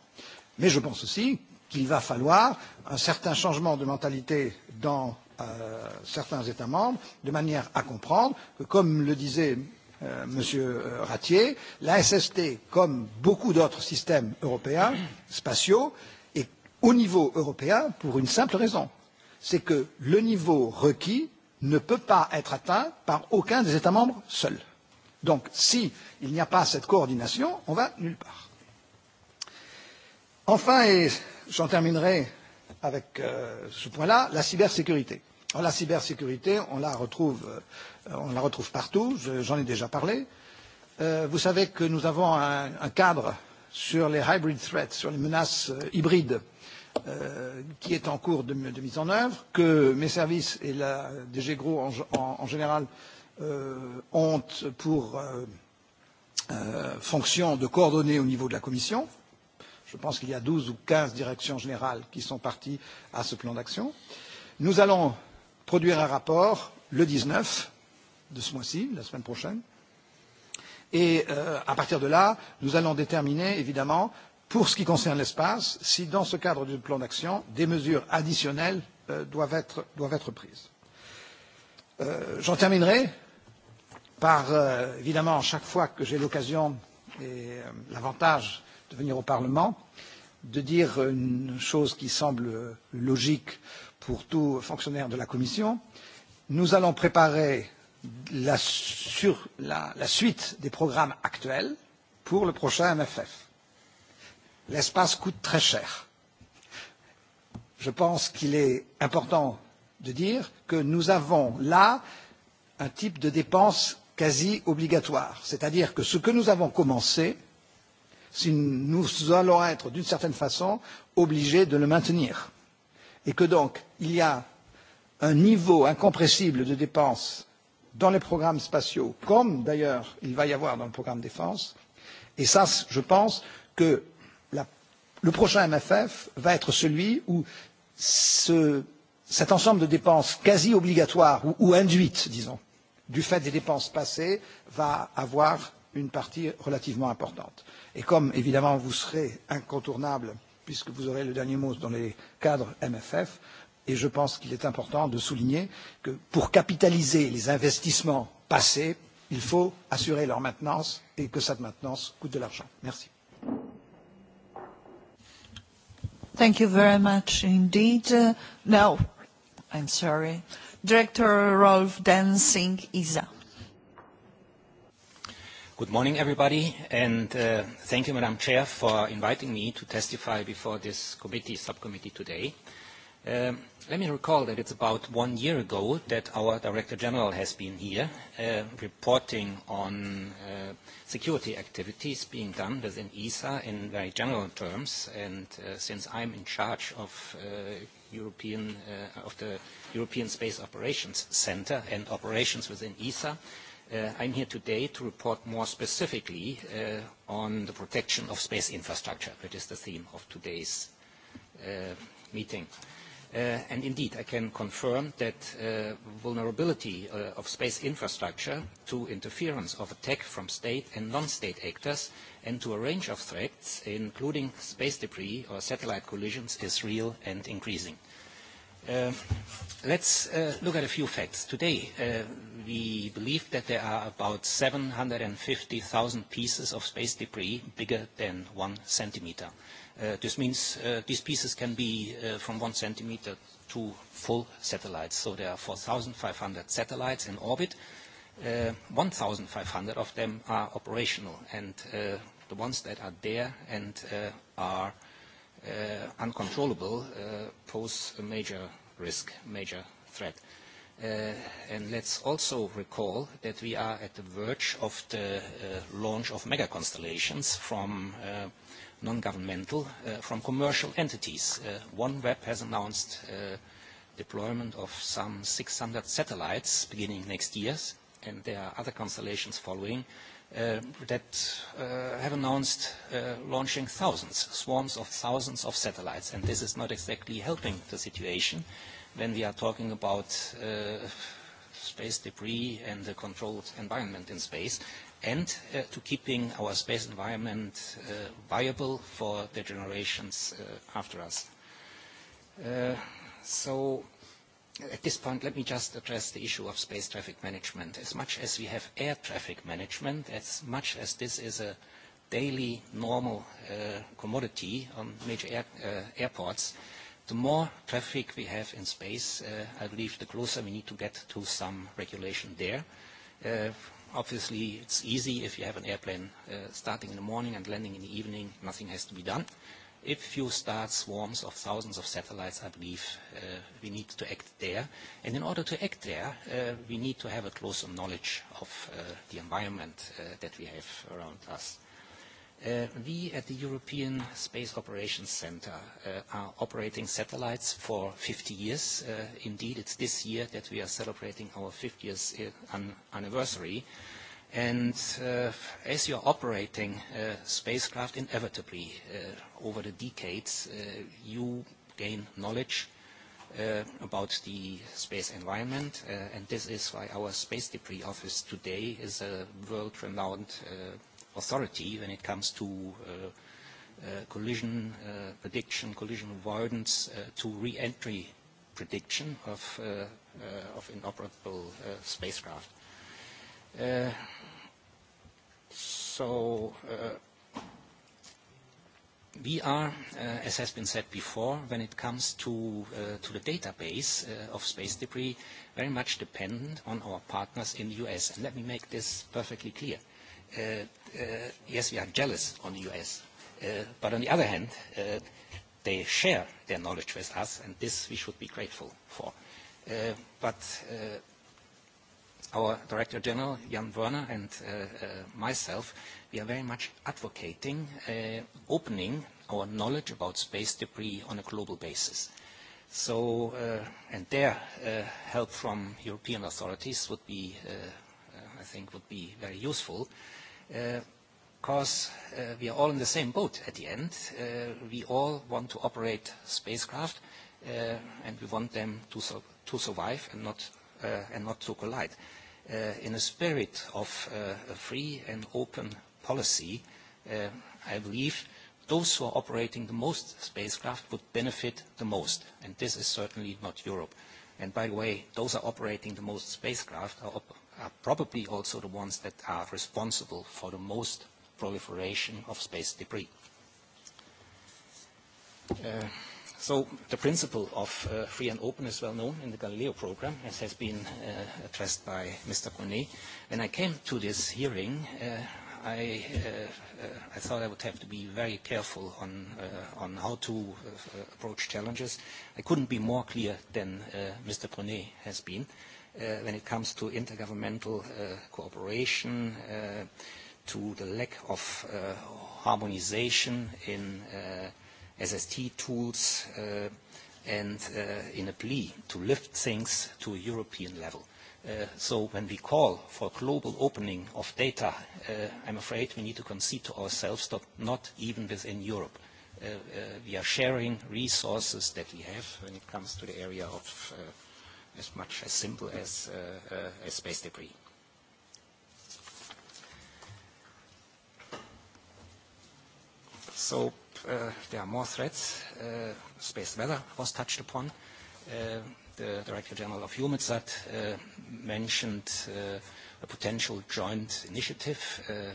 Mais je pense aussi qu'il va falloir un certain changement de mentalité dans euh, certains États membres, de manière à comprendre que, comme le disait Euh, Monsieur euh, Ratier, la SST, comme beaucoup d'autres systèmes européens spatiaux, est au niveau européen pour une simple raison c'est que le niveau requis ne peut pas être atteint par aucun des États membres seul. Donc, s'il si n'y a pas cette coordination, on va nulle part. Enfin, et j'en terminerai avec euh, ce point-là, la cybersécurité. La cybersécurité, on la retrouve, euh, on la retrouve partout, j'en ai déjà parlé. Euh, vous savez que nous avons un, un cadre sur les hybrid threats, sur les menaces euh, hybrides, euh, qui est en cours de, de mise en œuvre, que mes services et la DG Gros en, en, en général euh, ont pour euh, euh, fonction de coordonner au niveau de la Commission. Je pense qu'il y a 12 ou 15 directions générales qui sont parties à ce plan d'action. Nous allons produire un rapport le 19 de ce mois-ci, la semaine prochaine. Et euh, à partir de là, nous allons déterminer, évidemment, pour ce qui concerne l'espace, si dans ce cadre du plan d'action, des mesures additionnelles euh, doivent, être, doivent être prises. Euh, J'en terminerai par, euh, évidemment, chaque fois que j'ai l'occasion et euh, l'avantage de venir au Parlement, de dire une chose qui semble logique pour tout fonctionnaire de la Commission. Nous allons préparer la, sur, la, la suite des programmes actuels pour le prochain MFF. L'espace coûte très cher. Je pense qu'il est important de dire que nous avons là un type de dépense quasi obligatoire, c'est-à-dire que ce que nous avons commencé, si nous allons être d'une certaine façon obligés de le maintenir et que donc il y a un niveau incompressible de dépenses dans les programmes spatiaux, comme d'ailleurs il va y avoir dans le programme défense. Et ça, je pense que la, le prochain MFF va être celui où ce, cet ensemble de dépenses quasi obligatoires ou, ou induites, disons, du fait des dépenses passées, va avoir une partie relativement importante. Et comme évidemment vous serez incontournable puisque vous aurez le dernier mot dans les cadres MFF. Et je pense qu'il est important de souligner que pour capitaliser les investissements passés, il faut assurer leur maintenance et que cette maintenance coûte de l'argent. Merci. Thank you very much indeed. Uh, now, I'm sorry. Director Rolf Dancing, ISA. Good morning, everybody, and uh, thank you, Madam Chair, for inviting me to testify before this committee, subcommittee today. Um, let me recall that it's about one year ago that our Director General has been here uh, reporting on uh, security activities being done within ESA in very general terms. And uh, since I'm in charge of, uh, European, uh, of the European Space Operations Center and operations within ESA, Uh, I'm here today to report more specifically uh, on the protection of space infrastructure, which is the theme of today's uh, meeting. Uh, and indeed, I can confirm that uh, vulnerability uh, of space infrastructure to interference of attack from state and non-state actors and to a range of threats, including space debris or satellite collisions, is real and increasing. Uh, let's uh, look at a few facts. Today, uh, we believe that there are about 750,000 pieces of space debris bigger than one centimeter. Uh, this means uh, these pieces can be uh, from one centimeter to full satellites. So there are 4,500 satellites in orbit. Uh, 1,500 of them are operational, and uh, the ones that are there and uh, are – uh, uncontrollable uh, pose a major risk, major threat. Uh, and let's also recall that we are at the verge of the uh, launch of mega constellations from uh, non-governmental, uh, from commercial entities. Uh, OneWeb has announced uh, deployment of some 600 satellites beginning next year, and there are other constellations following. Uh, uh, that uh, have announced uh, launching thousands, swarms of thousands of satellites. And this is not exactly helping the situation when we are talking about uh, space debris and the controlled environment in space and uh, to keeping our space environment uh, viable for the generations uh, after us. Uh, so At this point, let me just address the issue of space traffic management. As much as we have air traffic management, as much as this is a daily normal uh, commodity on major air, uh, airports, the more traffic we have in space, uh, I believe the closer we need to get to some regulation there. Uh, obviously, it's easy if you have an airplane uh, starting in the morning and landing in the evening, nothing has to be done. Uh, if you start swarms of thousands of satellites, I believe uh, we need to act there. And in order to act there, uh, we need to have a closer knowledge of uh, the environment uh, that we have around us. Uh, we at the European Space Operations Center uh, are operating satellites for 50 years. Uh, indeed, it's this year that we are celebrating our 50th uh, anniversary. And uh, as you're operating uh, spacecraft, inevitably, uh, over the decades, uh, you gain knowledge uh, about the space environment, uh, and this is why our Space Debris Office today is a world-renowned uh, authority when it comes to uh, uh, collision uh, prediction, collision avoidance, uh, to re-entry prediction of, uh, uh, of inoperable uh, spacecraft. Uh, So uh, we are, uh, as has been said before, when it comes to, uh, to the database of space debris, very much dependent on our partners in the U.S. And let me make this perfectly clear. yes, we are jealous on the U.S., but on the other hand, they share their knowledge with us, and this we should be grateful for. Uh, but our Director General, Jan Werner, and uh, uh, myself, we are very much advocating uh, opening our knowledge about space debris on a global basis. So, uh, and there, uh, help from European authorities would be, uh, uh I think, would be very useful, because uh, uh, we are all in the same boat at the end. Uh, we all want to operate spacecraft, uh, and we want them to, su to survive and not, uh, and not to collide. Uh, uh, in a spirit of uh, a free and open policy, uh, I believe those who are operating the most spacecraft would benefit the most, and this is certainly not Europe. And by the way, those are operating the most spacecraft are, op are probably also the ones that are responsible for the most proliferation of space debris. Uh, So the principle of uh, free and open is well known in the Galileo program, as has been uh, addressed by Mr. Cornet. When I came to this hearing, uh, I, uh, uh, I thought I would have to be very careful on, uh, on how to uh, approach challenges. I couldn't be more clear than uh, Mr. Cornet has been uh, when it comes to intergovernmental uh, cooperation, uh, to the lack of uh, harmonization in uh, SST tools, uh, and uh, in a plea to lift things to a European level. Uh, so when we call for global opening of data, uh, I'm afraid we need to concede to ourselves that not even within Europe. Uh, uh, we are sharing resources that we have when it comes to the area of uh, as much as simple as, uh, uh, as space debris. So there äh, are more threats. Äh, space weather was touched upon. Äh, the Director General of EUMETSAT mentioned a potential joint initiative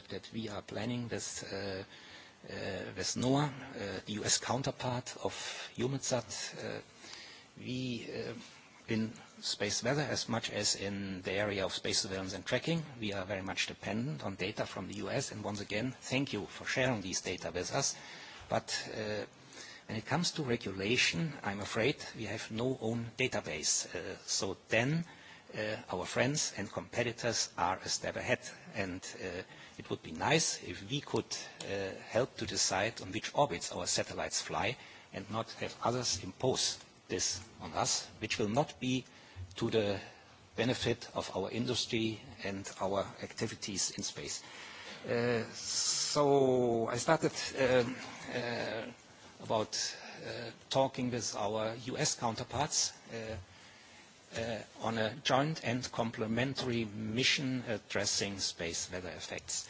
that we are planning with, with NOAA, the US counterpart of EUMETSAT. we in space weather as much as in the area of space surveillance and tracking. We are very much dependent on data from the US. And once again, thank you for sharing these data with us. But uh, when it comes to regulation, I'm afraid we have no own database. Uh, so then uh, our friends and competitors are a step ahead. And uh, it would be nice if we could uh, help to decide on which orbits our satellites fly and not have others impose this on us, which will not be to the benefit of our industry and our activities in space. Uh, so I started um, Uh, about uh, talking with our U.S. counterparts uh, on a joint and complementary mission addressing space weather effects.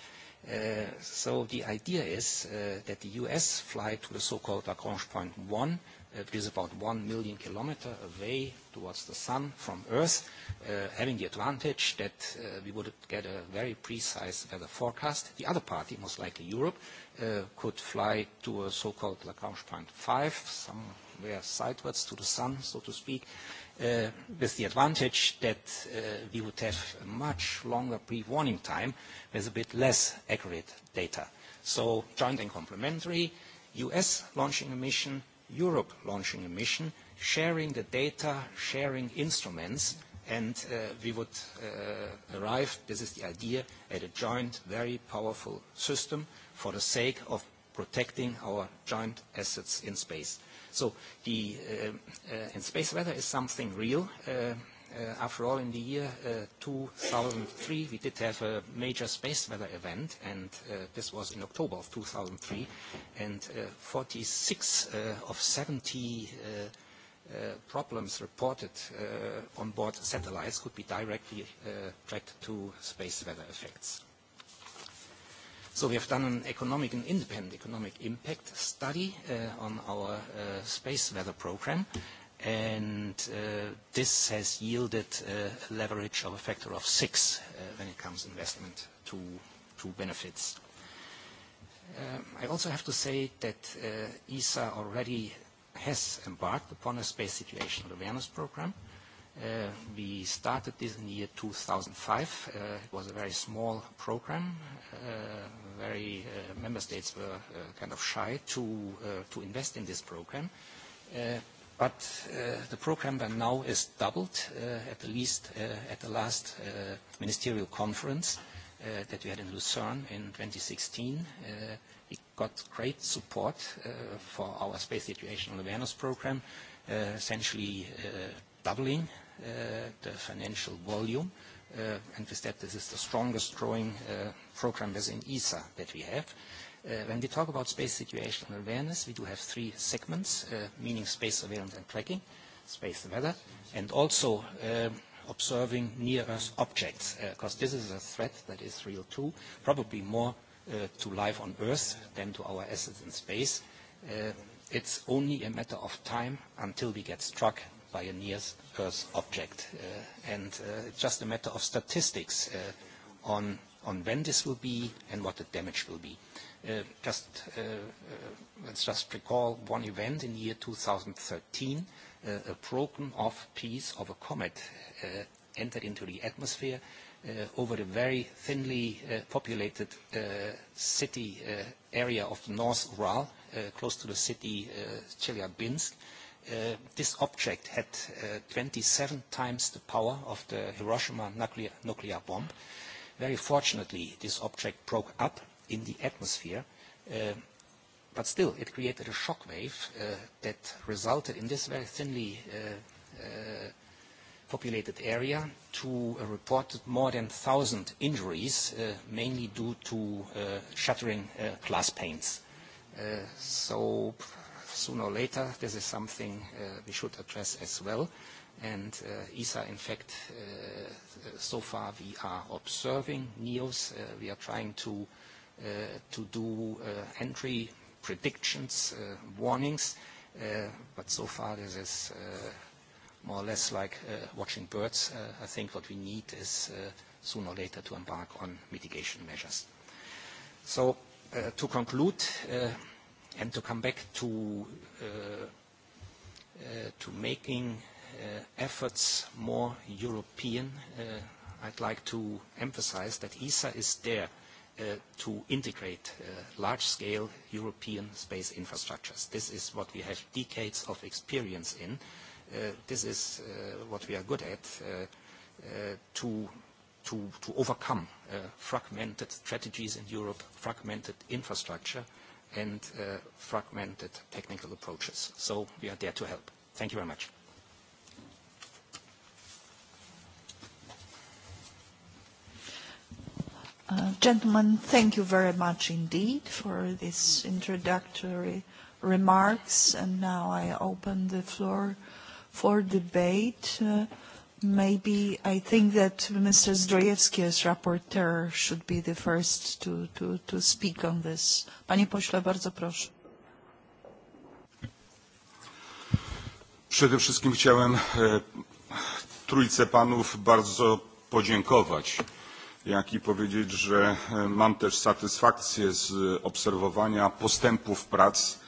Uh, so the idea is uh, that the US fly to the so-called Lagrange point 1 It is about one million kilometer away towards the sun from Earth, uh, having the advantage that uh, we would get a very precise weather forecast. The other party, most likely Europe, uh, could fly to a so-called Lagrange point 5, somewhere sidewards to the sun, so to speak, uh, with the advantage that uh, we would have a much longer pre-warning time with a bit less accurate data. So joint and complementary, US launching a mission, Europe launching a mission, sharing the data, sharing instruments, and uh, we would uh, arrive, this is the idea, at a joint, very powerful system for the sake of protecting our joint assets in space. So the, uh, uh, and space weather is something real. Uh, Uh, after all, in the year uh, 2003, we did have a major space weather event, and uh, this was in October of 2003, and uh, 46 uh, of 70 uh, Uh, problems reported uh, on board satellites could be directly uh, tracked to space weather effects. So we have done an economic and independent economic impact study uh, on our uh, space weather program, and uh, this has yielded a leverage of a factor of six uh, when it comes investment to, to benefits. Um, I also have to say that uh, ESA already has embarked upon a space situational awareness program. we started this in the year 2005. it was a very small program. very member states were kind of shy to to invest in this program. But uh, the program by now is doubled, uh, at the least uh, at the last uh, ministerial conference uh, that we had in Lucerne in 2016. Uh, we got great support uh, for our space situational awareness program, uh, essentially uh, doubling uh, the financial volume. Uh, and with that, this is the strongest growing uh, program within ESA that we have. Uh, Uh, when we talk about space situational awareness, we do have three segments, uh, meaning space surveillance and tracking, space weather, and also uh, observing near-Earth objects, because uh, this is a threat that is real too, probably more uh, to life on Earth than to our assets in space. Uh, it's only a matter of time until we get struck by a near-Earth object. and it's just a matter of statistics on on when this will be and what the damage will be. Uh, just, uh, uh let's just recall one event in the year 2013, uh, a broken-off piece of a comet uh, entered into the atmosphere over the very thinly populated city area of the North Ural, close to the city Chelyabinsk. Uh, this object had uh, 27 times the power of the Hiroshima nuclear, nuclear bomb. Very fortunately, this object broke up in the atmosphere, uh, but still it created a shock wave uh, that resulted in this very thinly uh, uh, populated area to a uh, reported more than 1,000 injuries, uh, mainly due to uh, shattering uh, glass panes. Uh, so sooner or later, this is something uh, we should address as well. And uh, ESA, in fact, uh, so far we are observing NEOs. Uh, we are trying to, uh, to do uh, entry predictions, uh, warnings, uh, but so far this is uh, more or less like uh, watching birds. Uh, I think what we need is uh, sooner or later to embark on mitigation measures. So uh, to conclude uh, and to come back to, uh, uh, to making Uh, efforts more European, uh, I'd like to emphasize that ESA is there uh, to integrate large-scale European space infrastructures. This is what we have decades of experience in. This is what we are good at to to, to overcome uh, fragmented strategies in Europe, fragmented infrastructure, and uh, fragmented technical approaches. So we are there to help. Thank you very much. Uh, gentlemen, thank you very much indeed for these introductory remarks. And now I open the floor for debate. Uh, maybe I think that Mr. Zdrojewski, as rapporteur, should be the first to, to, to speak on this. Panie pośle, bardzo proszę. Przede wszystkim chciałem e, trójce panów bardzo podziękować jak i powiedzieć, że mam też satysfakcję z obserwowania postępów prac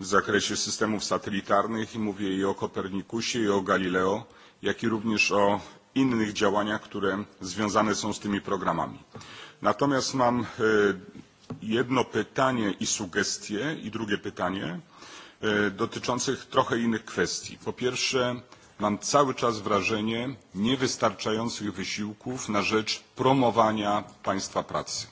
w zakresie systemów satelitarnych i mówię i o Kopernikusie, i o Galileo, jak i również o innych działaniach, które związane są z tymi programami. Natomiast mam jedno pytanie i sugestie i drugie pytanie dotyczących trochę innych kwestii. Po pierwsze, mam cały czas wrażenie niewystarczających wysiłków na rzecz promowania państwa pracy.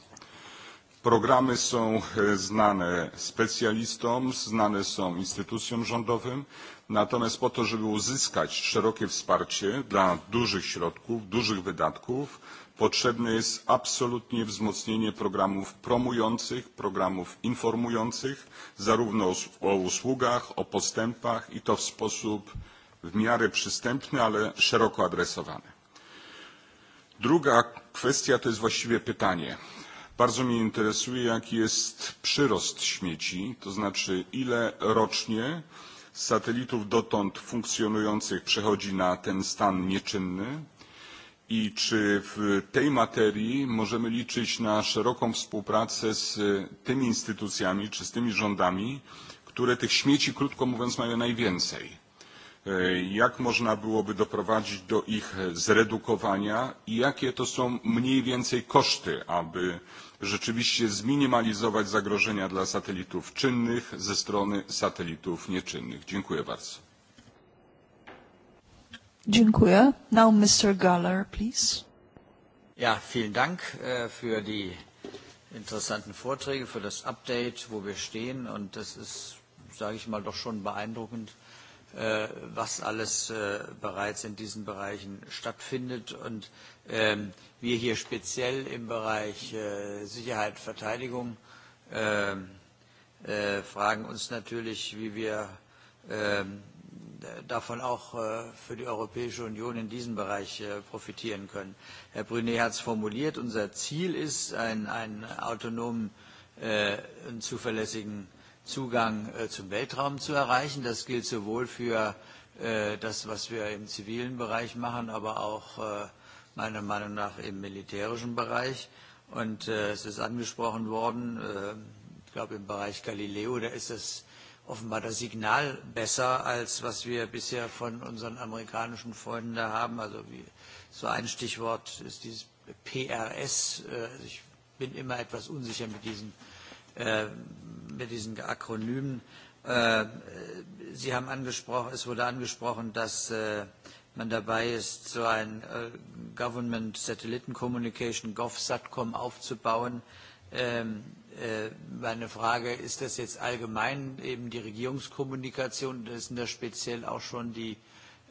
Programy są znane specjalistom, znane są instytucjom rządowym, natomiast po to, żeby uzyskać szerokie wsparcie dla dużych środków, dużych wydatków, potrzebne jest absolutnie wzmocnienie programów promujących, programów informujących zarówno o usługach, o postępach i to w sposób w miarę przystępny, ale szeroko adresowany. Druga kwestia to jest właściwie pytanie. Bardzo mnie interesuje, jaki jest przyrost śmieci, to znaczy ile rocznie z satelitów dotąd funkcjonujących przechodzi na ten stan nieczynny i czy w tej materii możemy liczyć na szeroką współpracę z tymi instytucjami czy z tymi rządami, które tych śmieci, krótko mówiąc, mają najwięcej jak można byłoby doprowadzić do ich zredukowania i jakie to są mniej więcej koszty, aby rzeczywiście zminimalizować zagrożenia dla satelitów czynnych ze strony satelitów nieczynnych. Dziękuję bardzo. Dziękuję. Now Mr. Galler, please. Ja, vielen Dank äh, für die interessanten Vorträge, für das Update, wo wir stehen. Und das ist, sage ich mal, doch schon beeindruckend, Äh, was alles äh, bereits in diesen Bereichen stattfindet. Und ähm, wir hier speziell im Bereich äh, Sicherheit und Verteidigung ähm, fragen uns natürlich, wie wir ähm, davon auch für die Europäische Union in diesem Bereich profitieren können. Herr Brunet hat es formuliert, unser Ziel ist, einen, einen autonomen und zuverlässigen Zugang äh, zum Weltraum zu erreichen. Das gilt sowohl für äh, das, was wir im zivilen Bereich machen, aber auch äh, meiner Meinung nach im militärischen Bereich. Und äh, es ist angesprochen worden, äh, ich glaube im Bereich Galileo, da ist das offenbar das Signal besser, als was wir bisher von unseren amerikanischen Freunden da haben. Also wie, so ein Stichwort ist dieses PRS. Äh, ich bin immer etwas unsicher mit diesen Äh, mit diesen Akronymen. Äh, Sie haben angesprochen, es wurde angesprochen, dass äh, man dabei ist, so ein Government Satelliten Communication GovSatcom aufzubauen. Ähm, meine Frage, ist das jetzt allgemein eben die Regierungskommunikation oder sind das speziell auch schon die äh,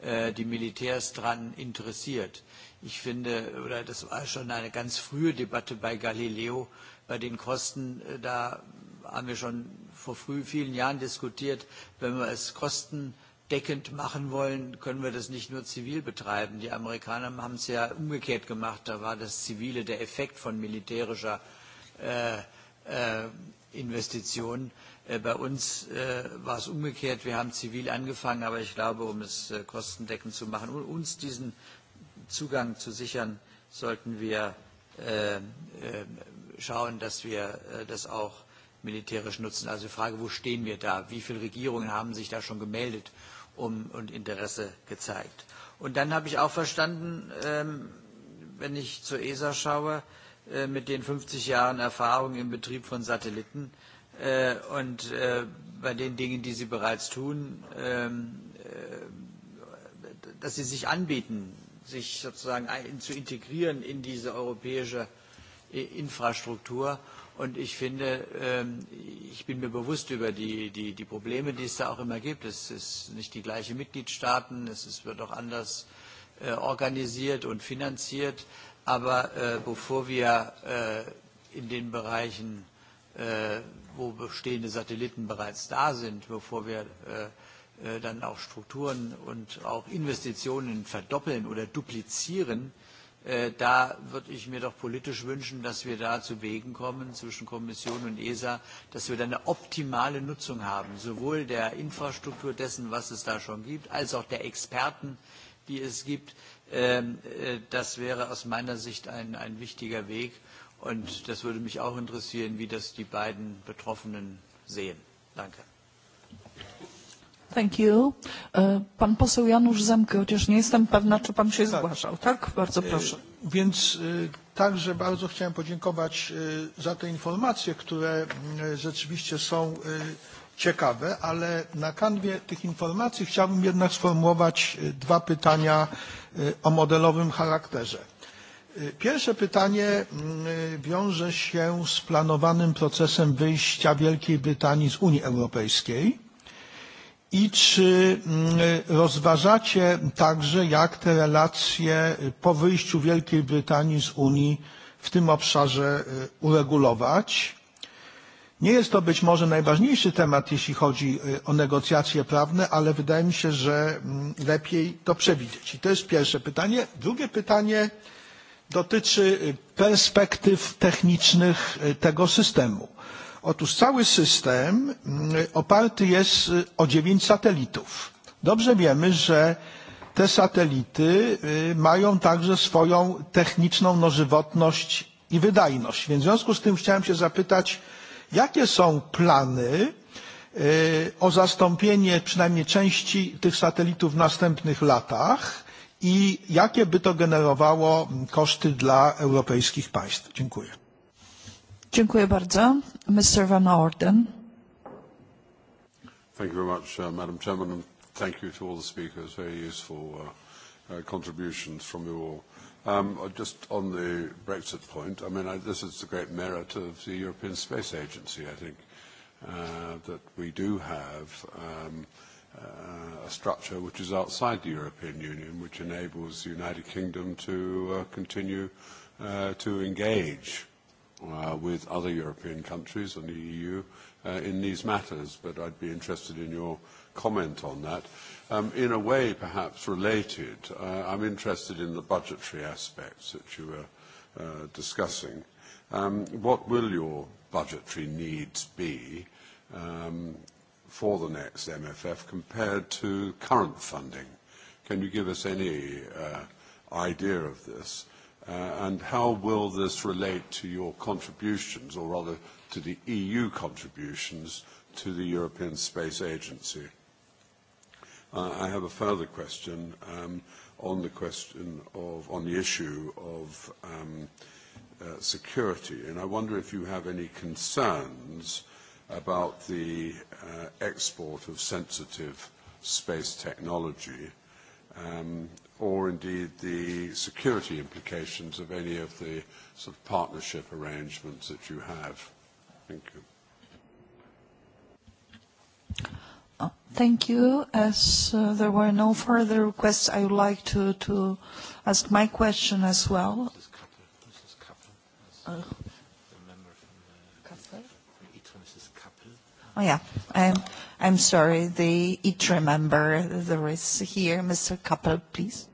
Äh, die Militärs daran interessiert. Ich finde, oder das war schon eine ganz frühe Debatte bei Galileo, bei den Kosten, äh, da haben wir schon vor früh, vielen Jahren diskutiert, wenn wir es kostendeckend machen wollen, können wir das nicht nur zivil betreiben. Die Amerikaner haben es ja umgekehrt gemacht, da war das Zivile der Effekt von militärischer äh, äh, Investitionen. Äh, bei uns äh, war es umgekehrt. Wir haben zivil angefangen, aber ich glaube, um es äh, kostendeckend zu machen, um uns diesen Zugang zu sichern, sollten wir ähm, ähm, schauen, dass wir das auch militärisch nutzen. Also die Frage, wo stehen wir da? Wie viele Regierungen haben sich da schon gemeldet um, und Interesse gezeigt? Und dann habe ich auch verstanden, ähm, wenn ich zur ESA schaue, Äh, mit den 50 Jahren Erfahrung im Betrieb von Satelliten äh, und äh, bei den Dingen, die sie bereits tun, ähm, äh, dass sie sich anbieten, sich sozusagen ein, zu integrieren in diese europäische äh, Infrastruktur. Und ich finde, ähm, ich bin mir bewusst über die, die, die Probleme, die es da auch immer gibt. Es ist nicht die gleiche Mitgliedstaaten, es ist, wird auch anders äh, organisiert und finanziert. Aber äh, bevor wir äh, in den Bereichen, äh, wo bestehende Satelliten bereits da sind, bevor wir äh, äh, dann auch Strukturen und auch Investitionen verdoppeln oder duplizieren, äh, da würde ich mir doch politisch wünschen, dass wir da zu Wegen kommen zwischen Kommission und ESA, dass wir da eine optimale Nutzung haben, sowohl der Infrastruktur dessen, was es da schon gibt, als auch der Experten, die es gibt Ähm, äh, das wäre aus meiner Sicht ein, ein wichtiger Weg. Und das würde mich auch interessieren, wie das die beiden Betroffenen sehen. Danke. Thank you. Pan poseł Janusz Zemke, chociaż nie jestem pewna, czy pan się zgłaszał. Tak? Bardzo proszę. Więc także bardzo chciałem podziękować za te informacje, które rzeczywiście są ciekawe, ale na kanwie tych informacji chciałbym jednak sformułować dwa pytania o modelowym charakterze. Pierwsze pytanie mm, wiąże się z planowanym procesem wyjścia Wielkiej Brytanii z Unii Europejskiej i czy mm, rozważacie także, jak te relacje po wyjściu Wielkiej Brytanii z Unii w tym obszarze uregulować? Nie jest to być może najważniejszy temat, jeśli chodzi o negocjacje prawne, ale wydaje mi się, że mm, lepiej to przewidzieć. I to jest pierwsze pytanie. Drugie pytanie dotyczy perspektyw technicznych tego systemu. Otóż cały system oparty jest o dziewięć satelitów. Dobrze wiemy, że te satelity mają także swoją techniczną nożywotność i wydajność. Więc w związku z tym chciałem się zapytać, Jakie są plany o zastąpienie przynajmniej części tych satelitów w następnych latach i jakie by to generowało koszty dla europejskich państw? Dziękuję. Dziękuję bardzo. Mr. Van Orden. Thank you very much, uh, Madam Chairman, and thank you to all the speakers. Very useful uh, uh, contributions from you all. Um, just on the Brexit point, I mean, I, this is the great merit of the European Space Agency, I think, uh, that we do have um, uh, a structure which is outside the European Union, which enables the United Kingdom to uh, continue uh, to engage uh, with other European countries and the EU uh, in these matters. But I'd be interested in your comment on that. Um, in a way, perhaps related, uh, I'm interested in the budgetary aspects that you were uh, discussing. Um, what will your budgetary needs be um, for the next MFF compared to current funding? Can you give us any uh, idea of this? Uh, and how will this relate to your contributions, or rather to the EU contributions to the European Space Agency? Uh, I have a further question um, on the question of, on the issue of um, uh, security, and I wonder if you have any concerns about the uh, export of sensitive space technology, um, or indeed the security implications of any of the sort of partnership arrangements that you have. Thank you thank you. As uh, there were no further requests, I would like to, to ask my question as well. Uh, uh, oh yeah, I'm, I'm sorry, the ITRE member there is here. Mr. Kappel, please.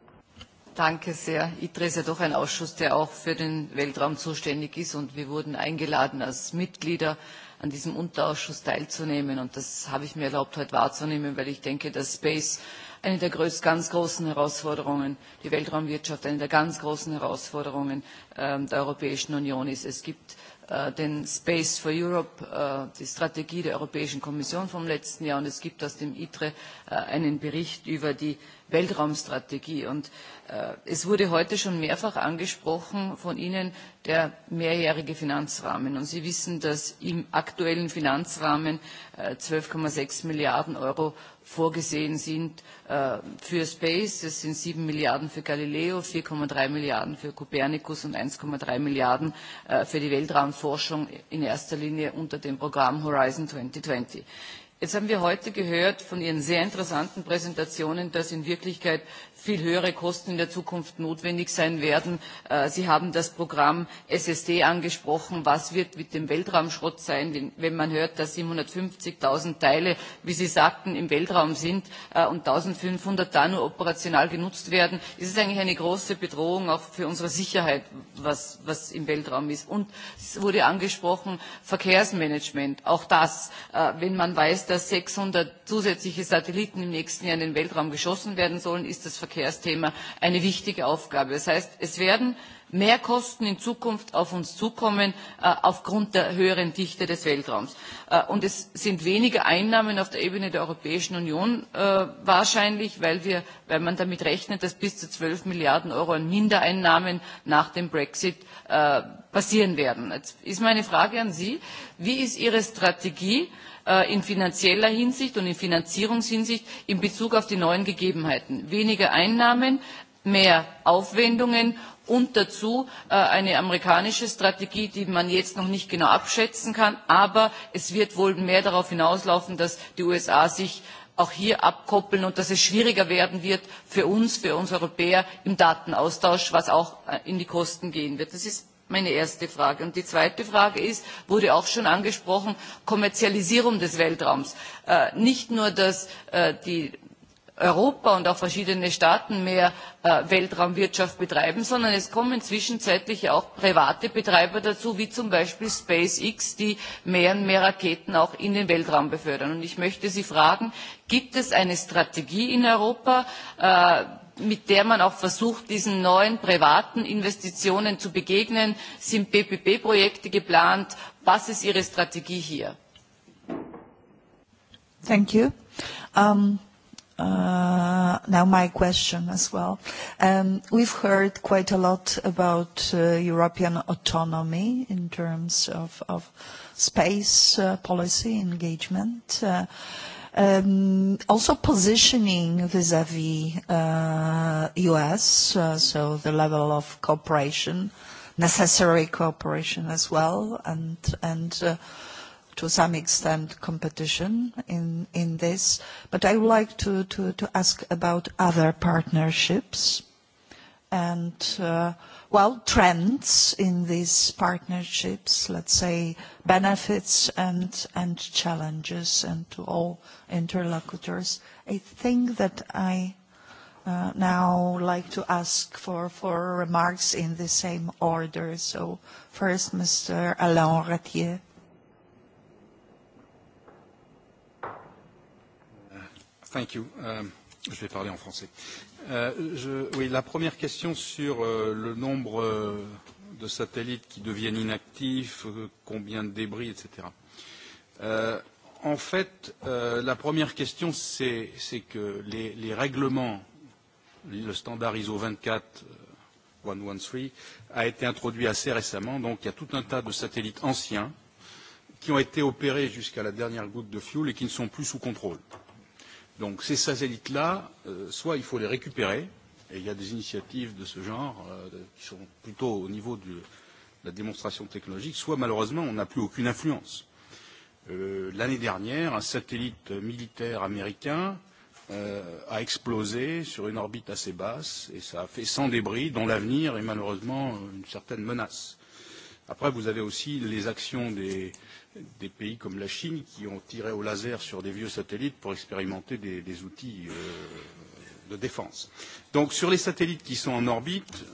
Danke sehr. ITRE ist ja doch ein Ausschuss, der auch für den Weltraum zuständig ist und wir wurden eingeladen als Mitglieder an diesem Unterausschuss teilzunehmen. Und das habe ich mir erlaubt, heute wahrzunehmen, weil ich denke, dass Space eine der größ, ganz großen Herausforderungen, die Weltraumwirtschaft eine der ganz großen Herausforderungen äh, der Europäischen Union ist. Es gibt äh, den Space for Europe, äh, die Strategie der Europäischen Kommission vom letzten Jahr und es gibt aus dem ITRE äh, einen Bericht über die Weltraumstrategie. Und äh, es wurde heute schon mehrfach angesprochen von Ihnen der mehrjährige Finanzrahmen. Und Sie wissen, dass im aktuellen Finanzrahmen äh, 12,6 Milliarden Euro vorgesehen sind äh, für Space. Das sind 7 Milliarden für Galileo, 4,3 Milliarden für Copernicus und 1,3 Milliarden äh, für die Weltraumforschung in erster Linie unter dem Programm Horizon 2020. Jetzt haben wir heute gehört von Ihren sehr interessanten Präsentationen, dass in Wirklichkeit viel höhere Kosten in der Zukunft notwendig sein werden. Äh, Sie haben das Programm SSD angesprochen. Was wird mit dem Weltraumschrott sein, wenn man hört, dass 750.000 Teile, wie Sie sagten, im Weltraum sind äh, und 1.500 da nur operational genutzt werden? Ist es eigentlich eine große Bedrohung auch für unsere Sicherheit, was, was im Weltraum ist? Und es wurde angesprochen, Verkehrsmanagement, auch das, äh, wenn man weiß, dass 600 zusätzliche Satelliten im nächsten Jahr in den Weltraum geschossen werden sollen, ist das Verkehrsmanagement Verkehrsthema eine wichtige Aufgabe. Das heißt, es werden mehr Kosten in Zukunft auf uns zukommen äh, aufgrund der höheren Dichte des Weltraums. Äh, und es sind weniger Einnahmen auf der Ebene der Europäischen Union äh, wahrscheinlich, weil, wir, weil man damit rechnet, dass bis zu 12 Milliarden Euro an Mindereinnahmen nach dem Brexit passieren werden. Jetzt ist meine Frage an Sie. Wie ist Ihre Strategie, Äh, in finanzieller Hinsicht und in Finanzierungshinsicht in Bezug auf die neuen Gegebenheiten. Weniger Einnahmen, mehr Aufwendungen und dazu äh, eine amerikanische Strategie, die man jetzt noch nicht genau abschätzen kann. Aber es wird wohl mehr darauf hinauslaufen, dass die USA sich auch hier abkoppeln und dass es schwieriger werden wird für uns, für uns Europäer im Datenaustausch, was auch äh, in die Kosten gehen wird meine erste frage. die zweite frage ist wurde auch schon angesprochen kommerzialisierung des weltraums äh, nicht nur dass äh, europa und auch verschiedene staaten mehr äh, weltraumwirtschaft betreiben sondern es kommen zwischenzeitlich auch private betreiber dazu wie zum beispiel spacex die mehr und mehr raketen auch in den weltraum befördern. ich möchte sie fragen gibt es eine strategie in europa mit der man auch versucht, diesen neuen privaten Investitionen zu begegnen? Sind PPP-Projekte geplant? Was ist Ihre Strategie hier? Thank you. Um, uh, now my question as well. Um, we've heard quite a lot about uh, European autonomy in terms of, of space uh, policy engagement. Uh, Um, also positioning vis-à-vis uh, U.S., uh, so the level of cooperation, necessary cooperation as well, and, and uh, to some extent, competition in, in this. But I would like to, to, to ask about other partnerships and uh, well, trends in these partnerships, let's say benefits and, and challenges, and to all interlocutors. I think that I uh, now like to ask for, for remarks in the same order. So first, Mr. Alain Ratier. Thank you. Um, je vais parler en français. Euh, je, oui, la première question sur euh, le nombre euh, de satellites qui deviennent inactifs, euh, combien de débris, etc. Euh, en fait, euh, la première question, c'est que les, les règlements, le standard ISO 24 113 euh, a été introduit assez récemment. Donc il y a tout un tas de satellites anciens qui ont été opérés jusqu'à la dernière goutte de fuel et qui ne sont plus sous contrôle. Euh, Donc ces satellites-là, euh, soit il faut les récupérer, et il y a des initiatives de ce genre euh, qui sont plutôt au niveau de la démonstration technologique, soit malheureusement on n'a plus aucune influence. Euh, L'année dernière, un satellite militaire américain euh, a explosé sur une orbite assez basse et ça a fait 100 débris dont l'avenir est malheureusement une certaine menace. Après, vous avez aussi les actions des, euh, des pays comme la Chine qui ont tiré au laser sur des vieux satellites pour expérimenter des, des outils euh, de défense. Donc sur les satellites qui sont en orbite,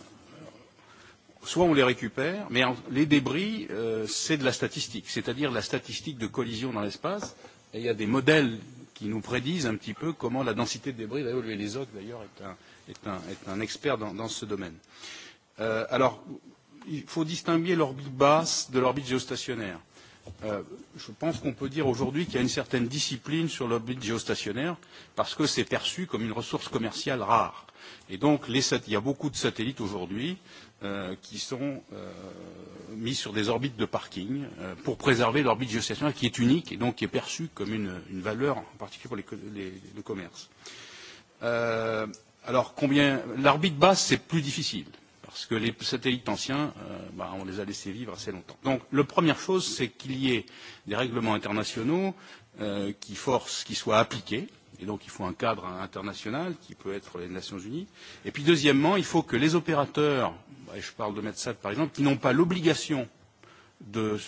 soit on les récupère, mais en, les débris, euh, c'est de la statistique, c'est-à-dire la statistique de collision dans l'espace. Et il y a des modèles qui nous prédisent un petit peu comment la densité de débris, d'ailleurs, les autres d'ailleurs, est un, est, un, est un expert dans, dans ce domaine. Euh, alors, il faut distinguer l'orbite basse de l'orbite géostationnaire Euh, je pense qu'on peut dire aujourd'hui qu'il y a une certaine discipline sur l'orbite géostationnaire parce que c'est perçu comme une ressource commerciale rare. Et donc, les il y a beaucoup de satellites aujourd'hui euh, qui sont euh, mis sur des orbites de parking euh, pour préserver l'orbite géostationnaire qui est unique et donc qui est perçue comme une, une valeur, en particulier pour les, les, le commerce. Euh, alors, combien l'orbite basse, c'est plus difficile Parce que les satellites anciens, euh, bah, on les a laissés vivre assez longtemps. Donc, la première chose, c'est qu'il y ait des règlements internationaux euh, qui forcent, qui soient appliqués. Et donc, il faut un cadre international qui peut être les Nations Unies. Et puis, deuxièmement, il faut que les opérateurs, bah, et je parle de MedSat par exemple, qui n'ont pas l'obligation de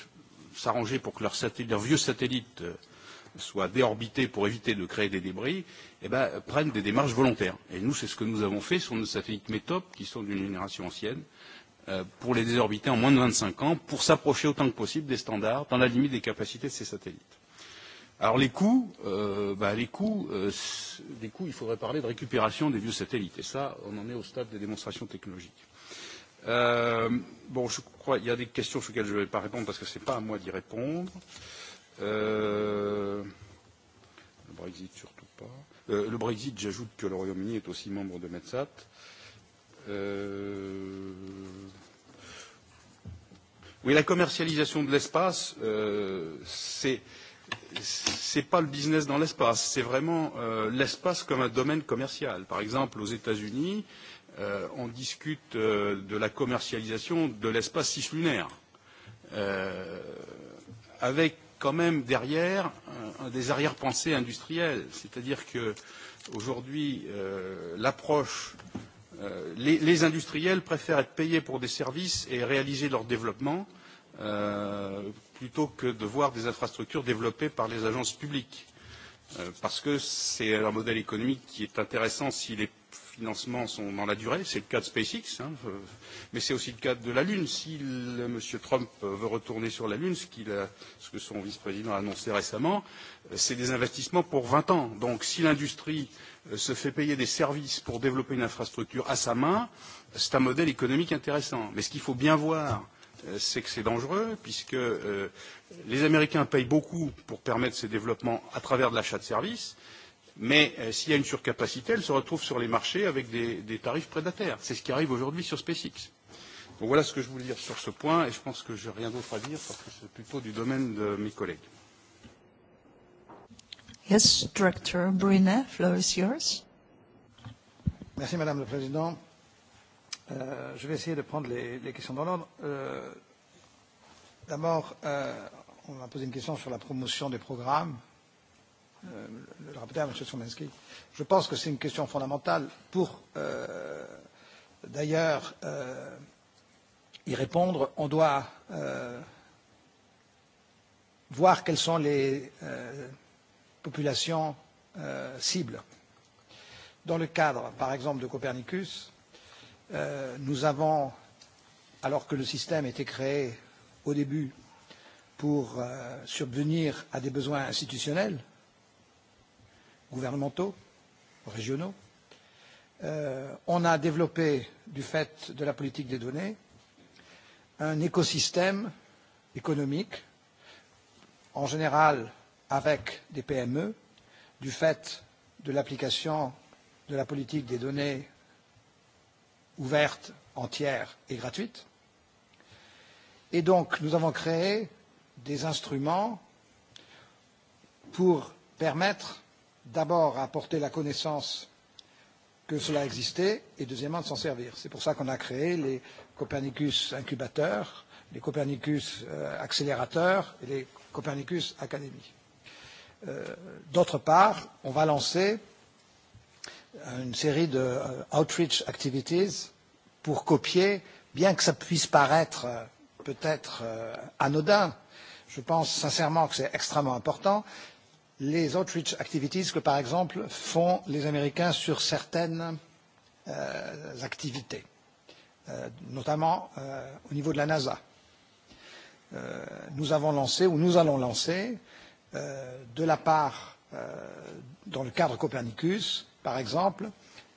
s'arranger pour que leurs leur vieux satellites euh, soient déorbités pour éviter de créer des débris, eh ben, prennent des démarches volontaires. Et nous, c'est ce que nous avons fait sur nos satellites METOP, qui sont d'une génération ancienne, euh, pour les désorbiter en moins de 25 ans, pour s'approcher autant que possible des standards, dans la limite des capacités de ces satellites. Alors les coûts, euh, bah, les coûts, euh, les coûts, il faudrait parler de récupération des vieux satellites. Et ça, on en est au stade des démonstrations technologiques. Euh, bon, je crois qu'il y a des questions sur lesquelles je ne vais pas répondre parce que ce n'est pas à moi d'y répondre. Euh, Euh, le Brexit, surtout pas. Euh, le Brexit, j'ajoute que le Royaume-Uni est aussi membre de METSAT. Euh, oui, la commercialisation de l'espace, euh, c'est n'est pas le business dans l'espace, c'est vraiment euh, l'espace comme un domaine commercial. Par exemple, aux États-Unis, euh, on discute euh, de la commercialisation de l'espace cislunaire. Euh, avec quand même derrière euh, des arrière-pensées industrielles. C'est-à-dire que aujourd'hui, euh, l'approche, euh, les, les industriels préfèrent être payés pour des services et réaliser leur développement euh, plutôt que de voir des infrastructures développées par les agences publiques. Euh, parce que c'est un modèle économique qui est intéressant s'il est financements sont dans la durée. C'est le cas de SpaceX, hein, mais c'est aussi le cas de la Lune. Si le, M. Trump veut retourner sur la Lune, ce, qu a, ce que son vice-président a annoncé récemment, euh, c'est des investissements pour 20 ans. Donc si l'industrie euh, se fait payer des services pour développer une infrastructure à sa main, c'est un modèle économique intéressant. Mais ce qu'il faut bien voir, euh, c'est que c'est dangereux, puisque euh, les Américains payent beaucoup pour permettre ces développements à travers de l'achat de services. Mais euh, s'il y a une surcapacité, elle se retrouve sur les marchés avec des, des tarifs prédataires. C'est ce qui arrive aujourd'hui sur SpaceX. Donc voilà ce que je voulais dire sur ce point et je pense que je n'ai rien d'autre à dire parce que c'est plutôt du domaine de mes collègues. Yes, Director Brunet, floor is yours. Merci Madame la Présidente. Euh, je vais essayer de prendre les, les questions dans l'ordre. Euh, D'abord, euh, on a posé une question sur la promotion des programmes. Euh, le rapporteur, M. Somensky, je pense que c'est une question fondamentale pour euh, d'ailleurs euh, y répondre. On doit euh, voir quelles sont les euh, populations euh, cibles. Dans le cadre, par exemple, de Copernicus, euh, nous avons, alors que le système était créé au début pour euh, subvenir à des besoins institutionnels, gouvernementaux, régionaux. Euh, on a développé, du fait de la politique des données, un écosystème économique, en général avec des PME, du fait de l'application de la politique des données ouverte, entière et gratuite. Et donc, nous avons créé des instruments pour permettre d'abord à apporter la connaissance que cela existait et deuxièmement de s'en servir. C'est pour ça qu'on a créé les Copernicus incubateurs, les Copernicus euh, accélérateurs et les Copernicus Academy. Euh, D'autre part, on va lancer une série de euh, outreach activities pour copier, bien que ça puisse paraître euh, peut-être euh, anodin, je pense sincèrement que c'est extrêmement important les outreach activities que, par exemple, font les Américains sur certaines euh, activités, euh, notamment euh, au niveau de la NASA. Euh, nous avons lancé, ou nous allons lancer, euh, de la part, euh, dans le cadre Copernicus, par exemple,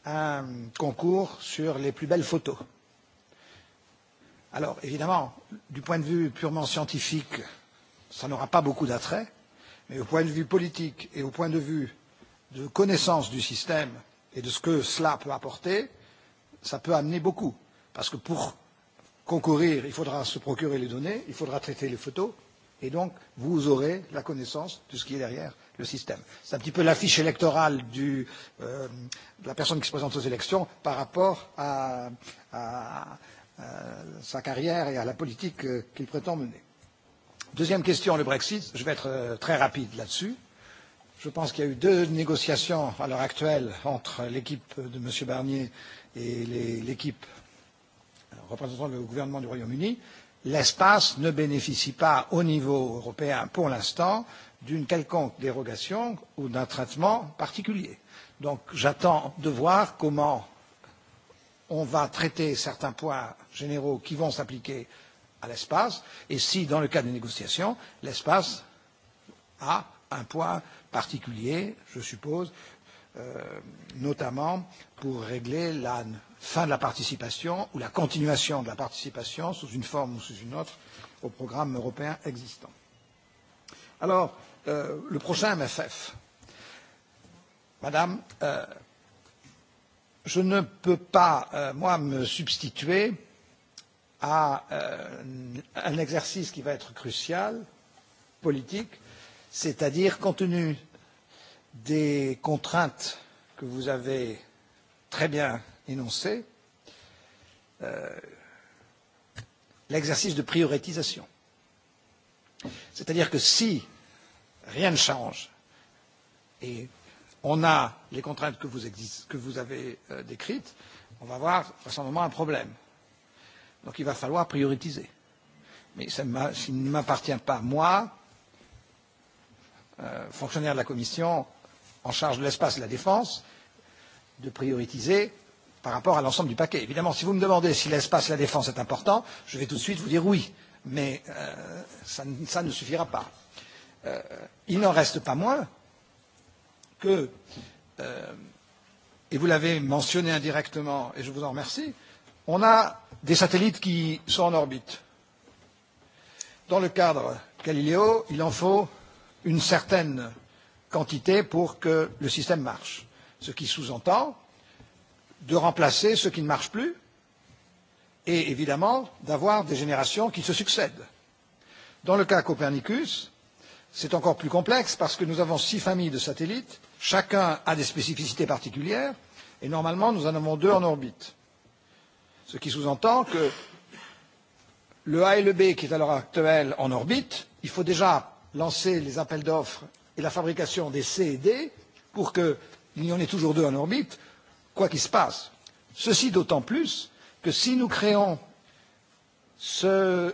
un concours sur les plus belles photos. Alors, évidemment, du point de vue purement scientifique, ça n'aura pas beaucoup d'attrait, Mais au point de vue politique et au point de vue de connaissance du système et de ce que cela peut apporter, ça peut amener beaucoup. Parce que pour concourir, il faudra se procurer les données, il faudra traiter les photos, et donc vous aurez la connaissance de ce qui est derrière le système. C'est un petit peu l'affiche électorale du, euh, de la personne qui se présente aux élections par rapport à, à, à sa carrière et à la politique euh, qu'il prétend mener. Deuxième question, le Brexit. Je vais être euh, très rapide là-dessus. Je pense qu'il y a eu deux négociations à l'heure actuelle entre l'équipe de M. Barnier et l'équipe représentant le gouvernement du Royaume-Uni. L'espace ne bénéficie pas au niveau européen pour l'instant d'une quelconque dérogation ou d'un traitement particulier. Donc j'attends de voir comment on va traiter certains points généraux qui vont s'appliquer à l'espace, et si, dans le cadre des négociations, l'espace a un poids particulier, je suppose, euh, notamment pour régler la fin de la participation ou la continuation de la participation sous une forme ou sous une autre au programme européen existant. Alors, euh, le prochain MFF. Madame, euh, je ne peux pas, euh, moi, me substituer à euh, un exercice qui va être crucial, politique, c'est-à-dire compte tenu des contraintes que vous avez très bien énoncées, euh, l'exercice de prioritisation. C'est-à-dire que si rien ne change et on a les contraintes que vous, existe, que vous avez euh, décrites, on va avoir vraisemblablement un problème Donc il va falloir prioriser. Mais ça s'il ne m'appartient pas, moi, euh, fonctionnaire de la Commission en charge de l'espace et de la défense, de prioriser par rapport à l'ensemble du paquet. Évidemment, si vous me demandez si l'espace et la défense est important, je vais tout de suite vous dire oui, mais euh, ça, ça ne suffira pas. Euh, il n'en reste pas moins que, euh, et vous l'avez mentionné indirectement, et je vous en remercie, euh, On a des satellites qui sont en orbite. Dans le cadre Galileo, il en faut une certaine quantité pour que le système marche, ce qui sous-entend de remplacer ceux qui ne marchent plus et évidemment d'avoir des générations qui se succèdent. Dans le cas Copernicus, c'est encore plus complexe parce que nous avons six familles de satellites, chacun a des spécificités particulières et normalement nous en avons deux en orbite. Ce qui sous-entend que le A et le B, qui est à l'heure actuelle en orbite, il faut déjà lancer les appels d'offres et la fabrication des C et D pour qu'il y en ait toujours deux en orbite, quoi qu'il se passe. Ceci d'autant plus que si nous créons ce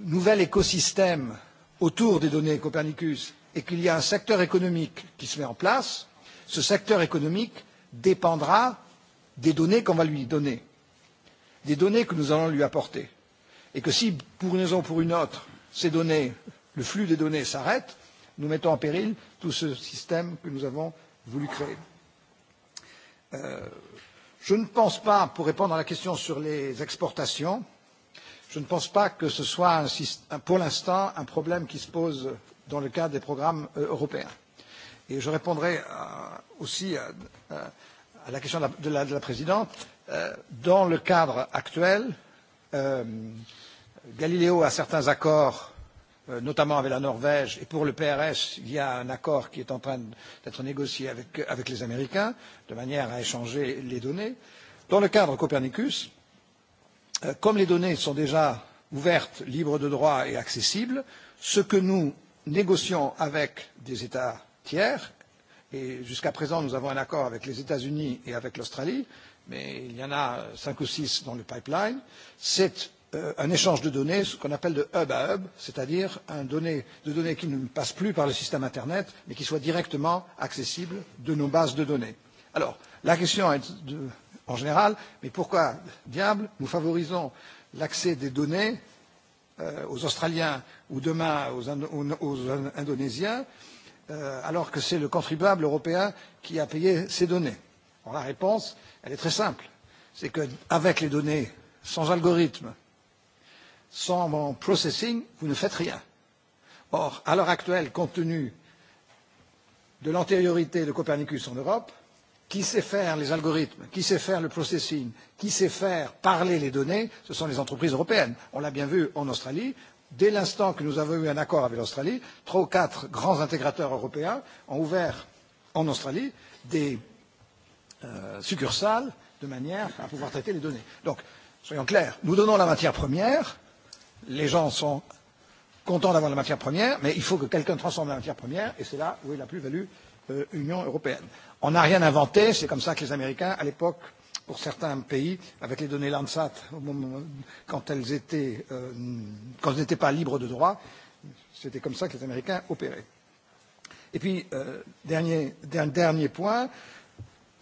nouvel écosystème autour des données Copernicus et qu'il y a un secteur économique qui se met en place, ce secteur économique dépendra des données qu'on va lui donner des données que nous allons lui apporter. Et que si, pour une raison ou pour une autre, ces données, le flux des données s'arrête, nous mettons en péril tout ce système que nous avons voulu créer. Euh, je ne pense pas, pour répondre à la question sur les exportations, je ne pense pas que ce soit un, pour l'instant un problème qui se pose dans le cadre des programmes euh, européens. Et je répondrai euh, aussi à, à, à la question de la, de la, de la présidente. Euh, dans le cadre actuel, euh, Galileo a certains accords, euh, notamment avec la Norvège, et pour le PRS, il y a un accord qui est en train d'être négocié avec, avec les Américains, de manière à échanger les données. Dans le cadre Copernicus, euh, comme les données sont déjà ouvertes, libres de droit et accessibles, ce que nous négocions avec des États tiers, et jusqu'à présent nous avons un accord avec les États-Unis et avec l'Australie, euh, mais il y en a cinq ou six dans le pipeline, c'est euh, un échange de données, ce qu'on appelle de hub à hub, c'est-à-dire donné, de données qui ne passent plus par le système Internet, mais qui soient directement accessibles de nos bases de données. Alors, la question est de, en général, mais pourquoi diable nous favorisons l'accès des données euh, aux Australiens ou demain aux, Indo aux Indonésiens, euh, alors que c'est le contribuable européen qui a payé ces données Alors la réponse, euh, Elle est très simple. C'est qu'avec les données, sans algorithme, sans bon processing, vous ne faites rien. Or, à l'heure actuelle, compte tenu de l'antériorité de Copernicus en Europe, qui sait faire les algorithmes, qui sait faire le processing, qui sait faire parler les données, ce sont les entreprises européennes. On l'a bien vu en Australie. Dès l'instant que nous avons eu un accord avec l'Australie, trois ou quatre grands intégrateurs européens ont ouvert en Australie des euh, succursales de manière à pouvoir traiter les données. Donc, soyons clairs, nous donnons la matière première, les gens sont contents d'avoir la matière première, mais il faut que quelqu'un transforme la matière première, et c'est là où est la plus-value euh, Union européenne. On n'a rien inventé, c'est comme ça que les Américains, à l'époque, pour certains pays, avec les données Landsat, au moment, quand elles étaient, euh, quand elles n'étaient pas libres de droit, c'était comme ça que les Américains opéraient. Et puis, euh, dernier, dernier point,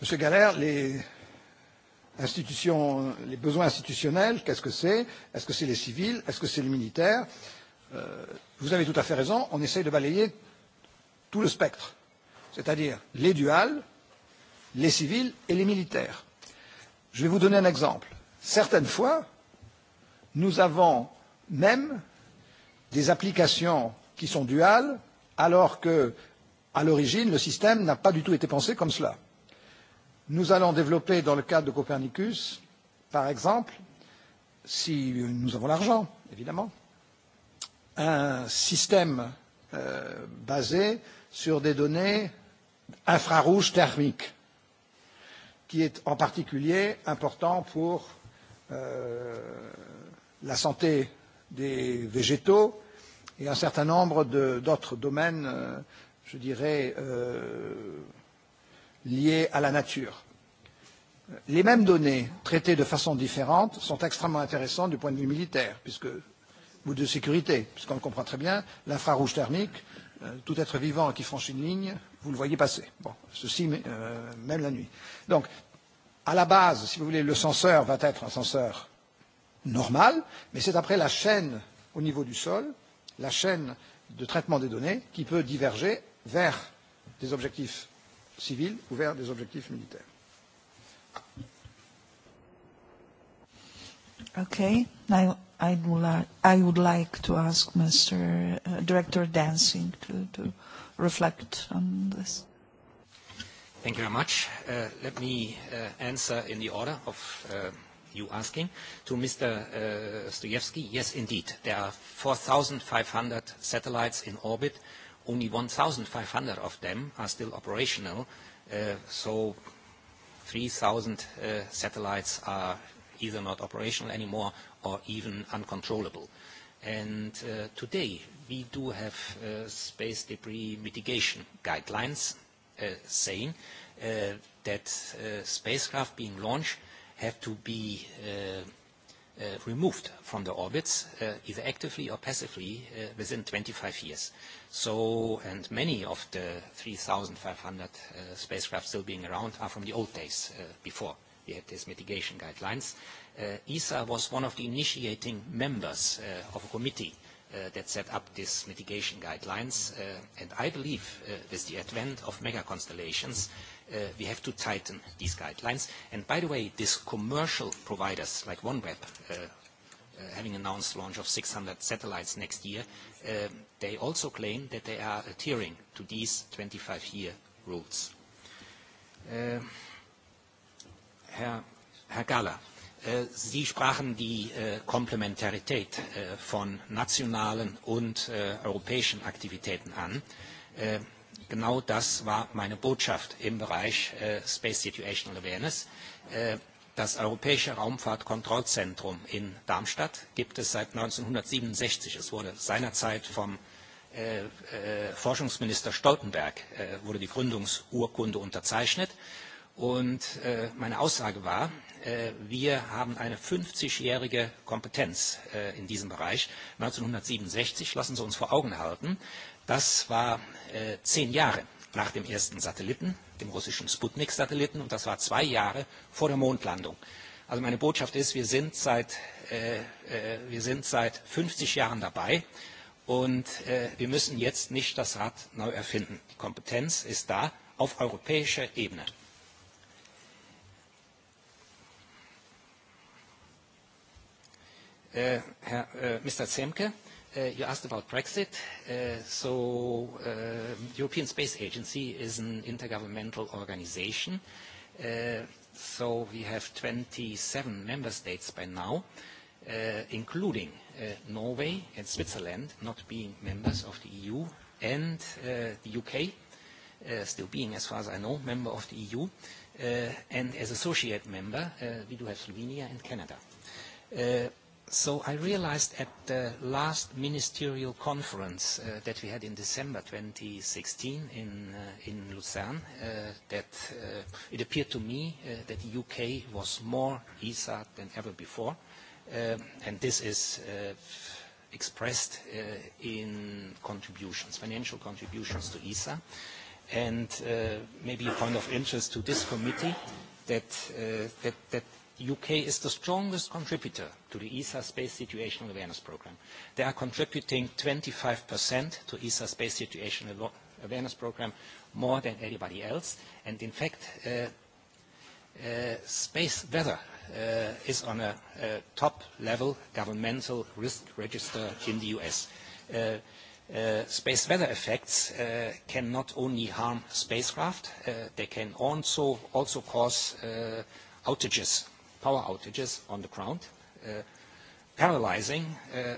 Monsieur Galère, les institutions, les besoins institutionnels, qu'est-ce que c'est Est-ce que c'est les civils Est-ce que c'est les militaires euh, Vous avez tout à fait raison, on essaye de balayer tout le spectre, c'est-à-dire les duals, les civils et les militaires. Je vais vous donner un exemple. Certaines fois, nous avons même des applications qui sont duales, alors que, à l'origine, le système n'a pas du tout été pensé comme cela. Nous allons développer dans le cadre de Copernicus, par exemple, si nous avons l'argent, évidemment, un système euh, basé sur des données infrarouges thermiques, qui est en particulier important pour euh, la santé des végétaux et un certain nombre d'autres domaines, euh, je dirais, euh, liées à la nature. Les mêmes données, traitées de façon différente, sont extrêmement intéressantes du point de vue militaire, puisque, ou de sécurité, puisqu'on le comprend très bien, l'infrarouge thermique, euh, tout être vivant qui franchit une ligne, vous le voyez passer. Bon, ceci euh, même la nuit. Donc, à la base, si vous voulez, le senseur va être un senseur normal, mais c'est après la chaîne au niveau du sol, la chaîne de traitement des données, qui peut diverger vers des objectifs civils ou vers des objectifs militaires. Okay. I, I, would, like, I would like to ask Mr. Uh, Director Dancing to, to reflect on this. Thank you very much. Uh, let me uh, answer in the order of uh, you asking. To Mr. Uh, Stoyevsky, yes, indeed. There are 4,500 satellites in orbit only 1,500 of them are still operational, uh, so 3,000 uh, satellites are either not operational anymore or even uncontrollable. And uh, today we do have uh, space debris mitigation guidelines uh, saying uh, that uh, spacecraft being launched have to be uh, Uh, removed from the orbits, uh, either actively or passively, uh, within 25 years. So, and many of the 3,500 uh, spacecraft still being around are from the old days, uh, before we had these mitigation guidelines. Uh, ESA was one of the initiating members uh, of a committee uh, that set up these mitigation guidelines, uh, and I believe uh, with the advent of mega constellations, uh, uh, we have to tighten these guidelines. And by the way, these commercial providers like OneWeb, uh, uh, having announced launch of 600 satellites next year, uh, they also claim that they are adhering to these 25-year rules. Uh, Herr, Herr Gala, uh, Sie sprachen die uh, Komplementarität uh, von nationalen und uh, europäischen Aktivitäten an. Uh, Genau das war meine Botschaft im Bereich äh, Space Situational Awareness. Äh, das Europäische Raumfahrtkontrollzentrum in Darmstadt gibt es seit 1967. Es wurde seinerzeit vom äh, äh, Forschungsminister Stoltenberg äh, wurde die Gründungsurkunde unterzeichnet. Und äh, meine Aussage war, äh, wir haben eine 50-jährige Kompetenz äh, in diesem Bereich. 1967, lassen Sie uns vor Augen halten, Das war äh, zehn Jahre nach dem ersten Satelliten, dem russischen Sputnik-Satelliten, und das war zwei Jahre vor der Mondlandung. Also meine Botschaft ist, wir sind seit, äh, äh, wir sind seit 50 Jahren dabei und äh, wir müssen jetzt nicht das Rad neu erfinden. Die Kompetenz ist da auf europäischer Ebene. Äh, Herr, äh, Mr. Zemke Uh, you asked about Brexit. Uh, so uh, European Space Agency is an intergovernmental organization. so we have 27 member states by now, including Norway and Switzerland not being members of the EU and the UK still being, as far as I know, member of the EU. and as associate member, we do have Slovenia and Canada. So I realized at the last ministerial conference uh, that we had in December 2016 in, uh, in Lucerne uh, that uh, it appeared to me uh, that the UK was more ESA than ever before. Uh, and this is uh, expressed uh, in contributions, financial contributions to ESA. And uh, maybe a point of interest to this committee that, uh, that, that UK is the strongest contributor to the ESA Space Situational Awareness Program. They are contributing 25% to ESA Space Situational Awareness Program more than anybody else. And in fact, uh, uh, space weather uh, is on a, a top-level governmental risk register in the US. Uh, Uh, space weather effects uh, can not only harm spacecraft, uh, they can also, also cause uh, outages power outages on the ground, uh, paralyzing uh,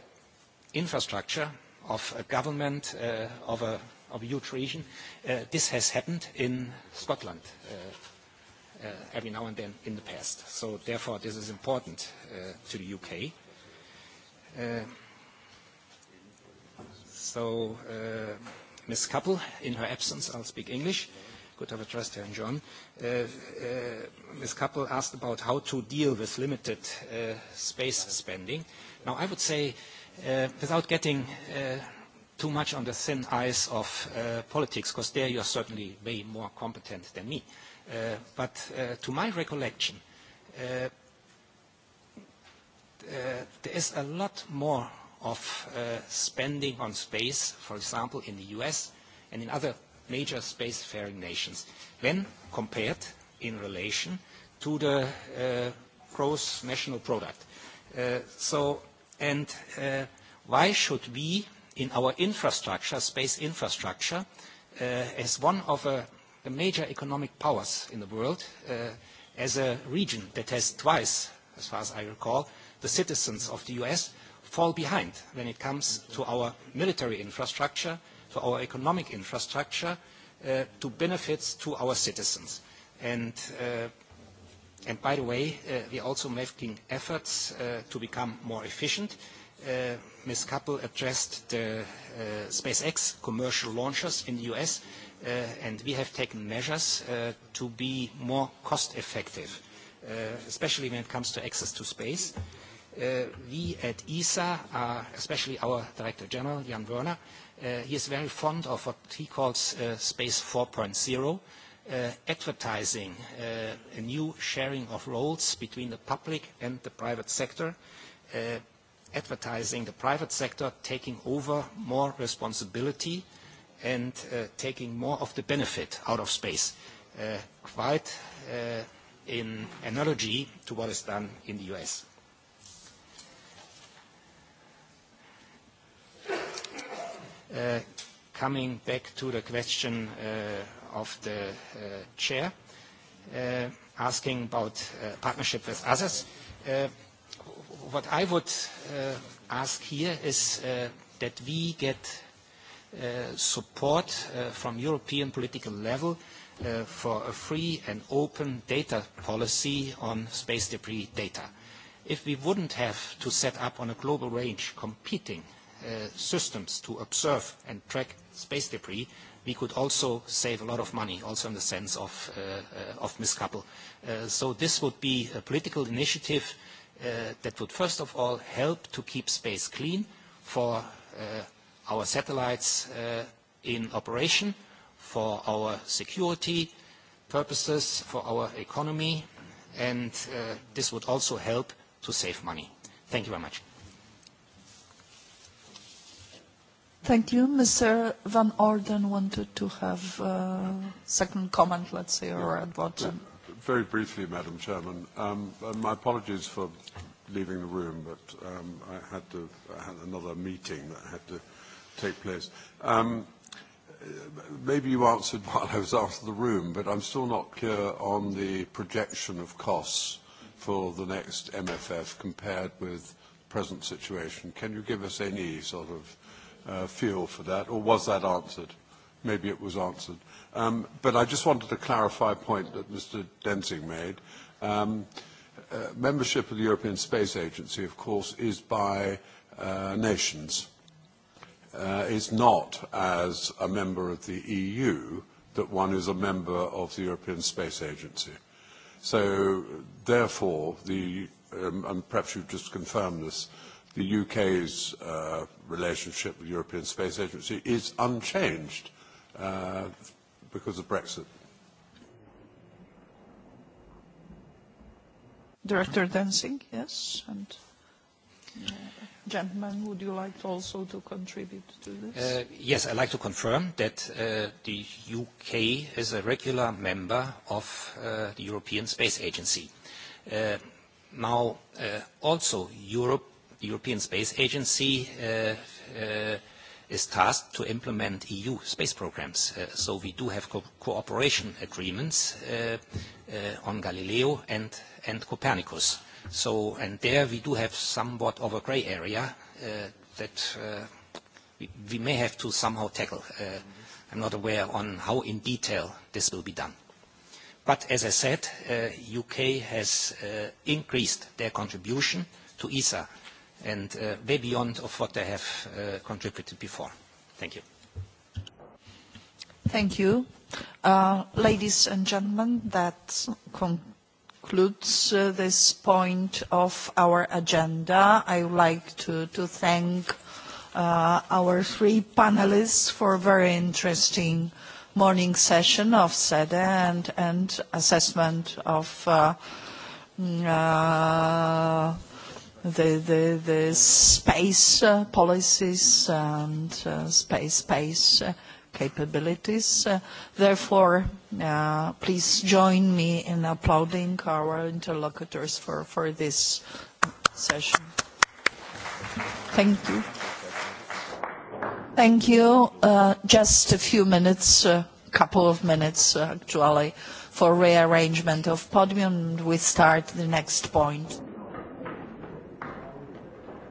infrastructure of a government uh, of, a, of a huge region. Uh, this has happened in Scotland uh, uh, every now and then in the past. So therefore, this is important uh, to the UK. Uh, so, uh, Ms. Couple, in her absence, I'll speak English. Uh, could have addressed trust Herrn John. Uh, uh, Ms. Kappel asked about how to deal with limited uh, space spending. Now, I would say, uh, without getting uh, too much on the thin ice of uh, politics, because there you are certainly way more competent than me. Uh, but uh, to my recollection, uh, Uh, there is a lot more of uh, spending on space, for example, in the US and in other major spacefaring nations when compared in relation to the uh, gross national product. Uh, so, and uh, why should we, in our infrastructure, space infrastructure, uh, as one of uh, the major economic powers in the world, uh, as a region that has twice, as far as I recall, the citizens of the US, fall behind when it comes to our military infrastructure, to our economic infrastructure, uh, to benefits to our citizens. And, uh, and by the way, uh, we are also making efforts uh, to become more efficient. Uh, Ms. Kappel addressed the uh, SpaceX commercial launchers in the US, uh, and we have taken measures uh, to be more cost-effective, uh, especially when it comes to access to space. Uh, we at ESA, are, especially our Director General, Jan Werner, Uh, he is very fond of what he calls uh, Space 4.0, uh, advertising uh, a new sharing of roles between the public and the private sector, uh, advertising the private sector taking over more responsibility and taking more of the benefit out of space, quite in analogy to what is done in the US. Uh, coming back to the question uh, of the uh, chair, asking about partnership with others, what I would ask here is that we get support from European political level for a free and open data policy on space debris data. If we wouldn't have to set up on a global range competing Uh, systems to observe and track space debris, we could also save a lot of money, also in the sense of, uh, uh, of miscouple. Uh, so this would be a political initiative uh, that would first of all help to keep space clean for uh, our satellites uh, in operation, for our security purposes, for our economy, and uh, this would also help to save money. Thank you very much. Thank you. Mr. Van Orden wanted to have a uh, second comment, let's say, or advertisement. Very briefly, Madam Chairman. Um, my apologies for leaving the room, but um, I, had to, I had another meeting that had to take place. Um, maybe you answered [LAUGHS] while I was out of the room, but I'm still not clear on the projection of costs for the next MFF compared with present situation. Can you give us any sort of uh, feel for that, or was that answered? Maybe it was answered. Um, but I just wanted to clarify a point that Mr. Densing made. Um, uh, membership of the European Space Agency, of course, is by uh, nations. Uh, it's not as a member of the EU that one is a member of the European Space Agency. So therefore, the, um, and perhaps you've just confirmed this, uh, the UK's uh, relationship with the European Space Agency is unchanged uh, because of Brexit. Director Dancing, yes, and uh, gentlemen, would you like to also to contribute to this? Uh, yes, I'd like to confirm that uh, the UK is a regular member of uh, the European Space Agency. Uh, now, uh, also Europe European Space Agency uh, uh, is tasked to implement EU space programs. Uh, so we do have co cooperation agreements uh, uh, on Galileo and, and Copernicus. So, and there we do have somewhat of a grey area uh, that uh, we, we may have to somehow tackle. Uh, I'm not aware on how in detail this will be done. But as I said, uh, UK has uh, increased their contribution to ESA and uh, way beyond of what they have uh, contributed before. Thank you. Thank you. Uh, ladies and gentlemen, that concludes uh, this point of our agenda. I would like to, to thank uh, our three panelists for a very interesting morning session of SEDE and, and assessment of uh, mm, uh, the, the, the space uh, policies and uh, space, space uh, capabilities. Uh, therefore, uh, please join me in applauding our interlocutors for, for this session. Thank you. Thank you. Uh, just a few minutes, a uh, couple of minutes uh, actually, for rearrangement of podium. We start the next point.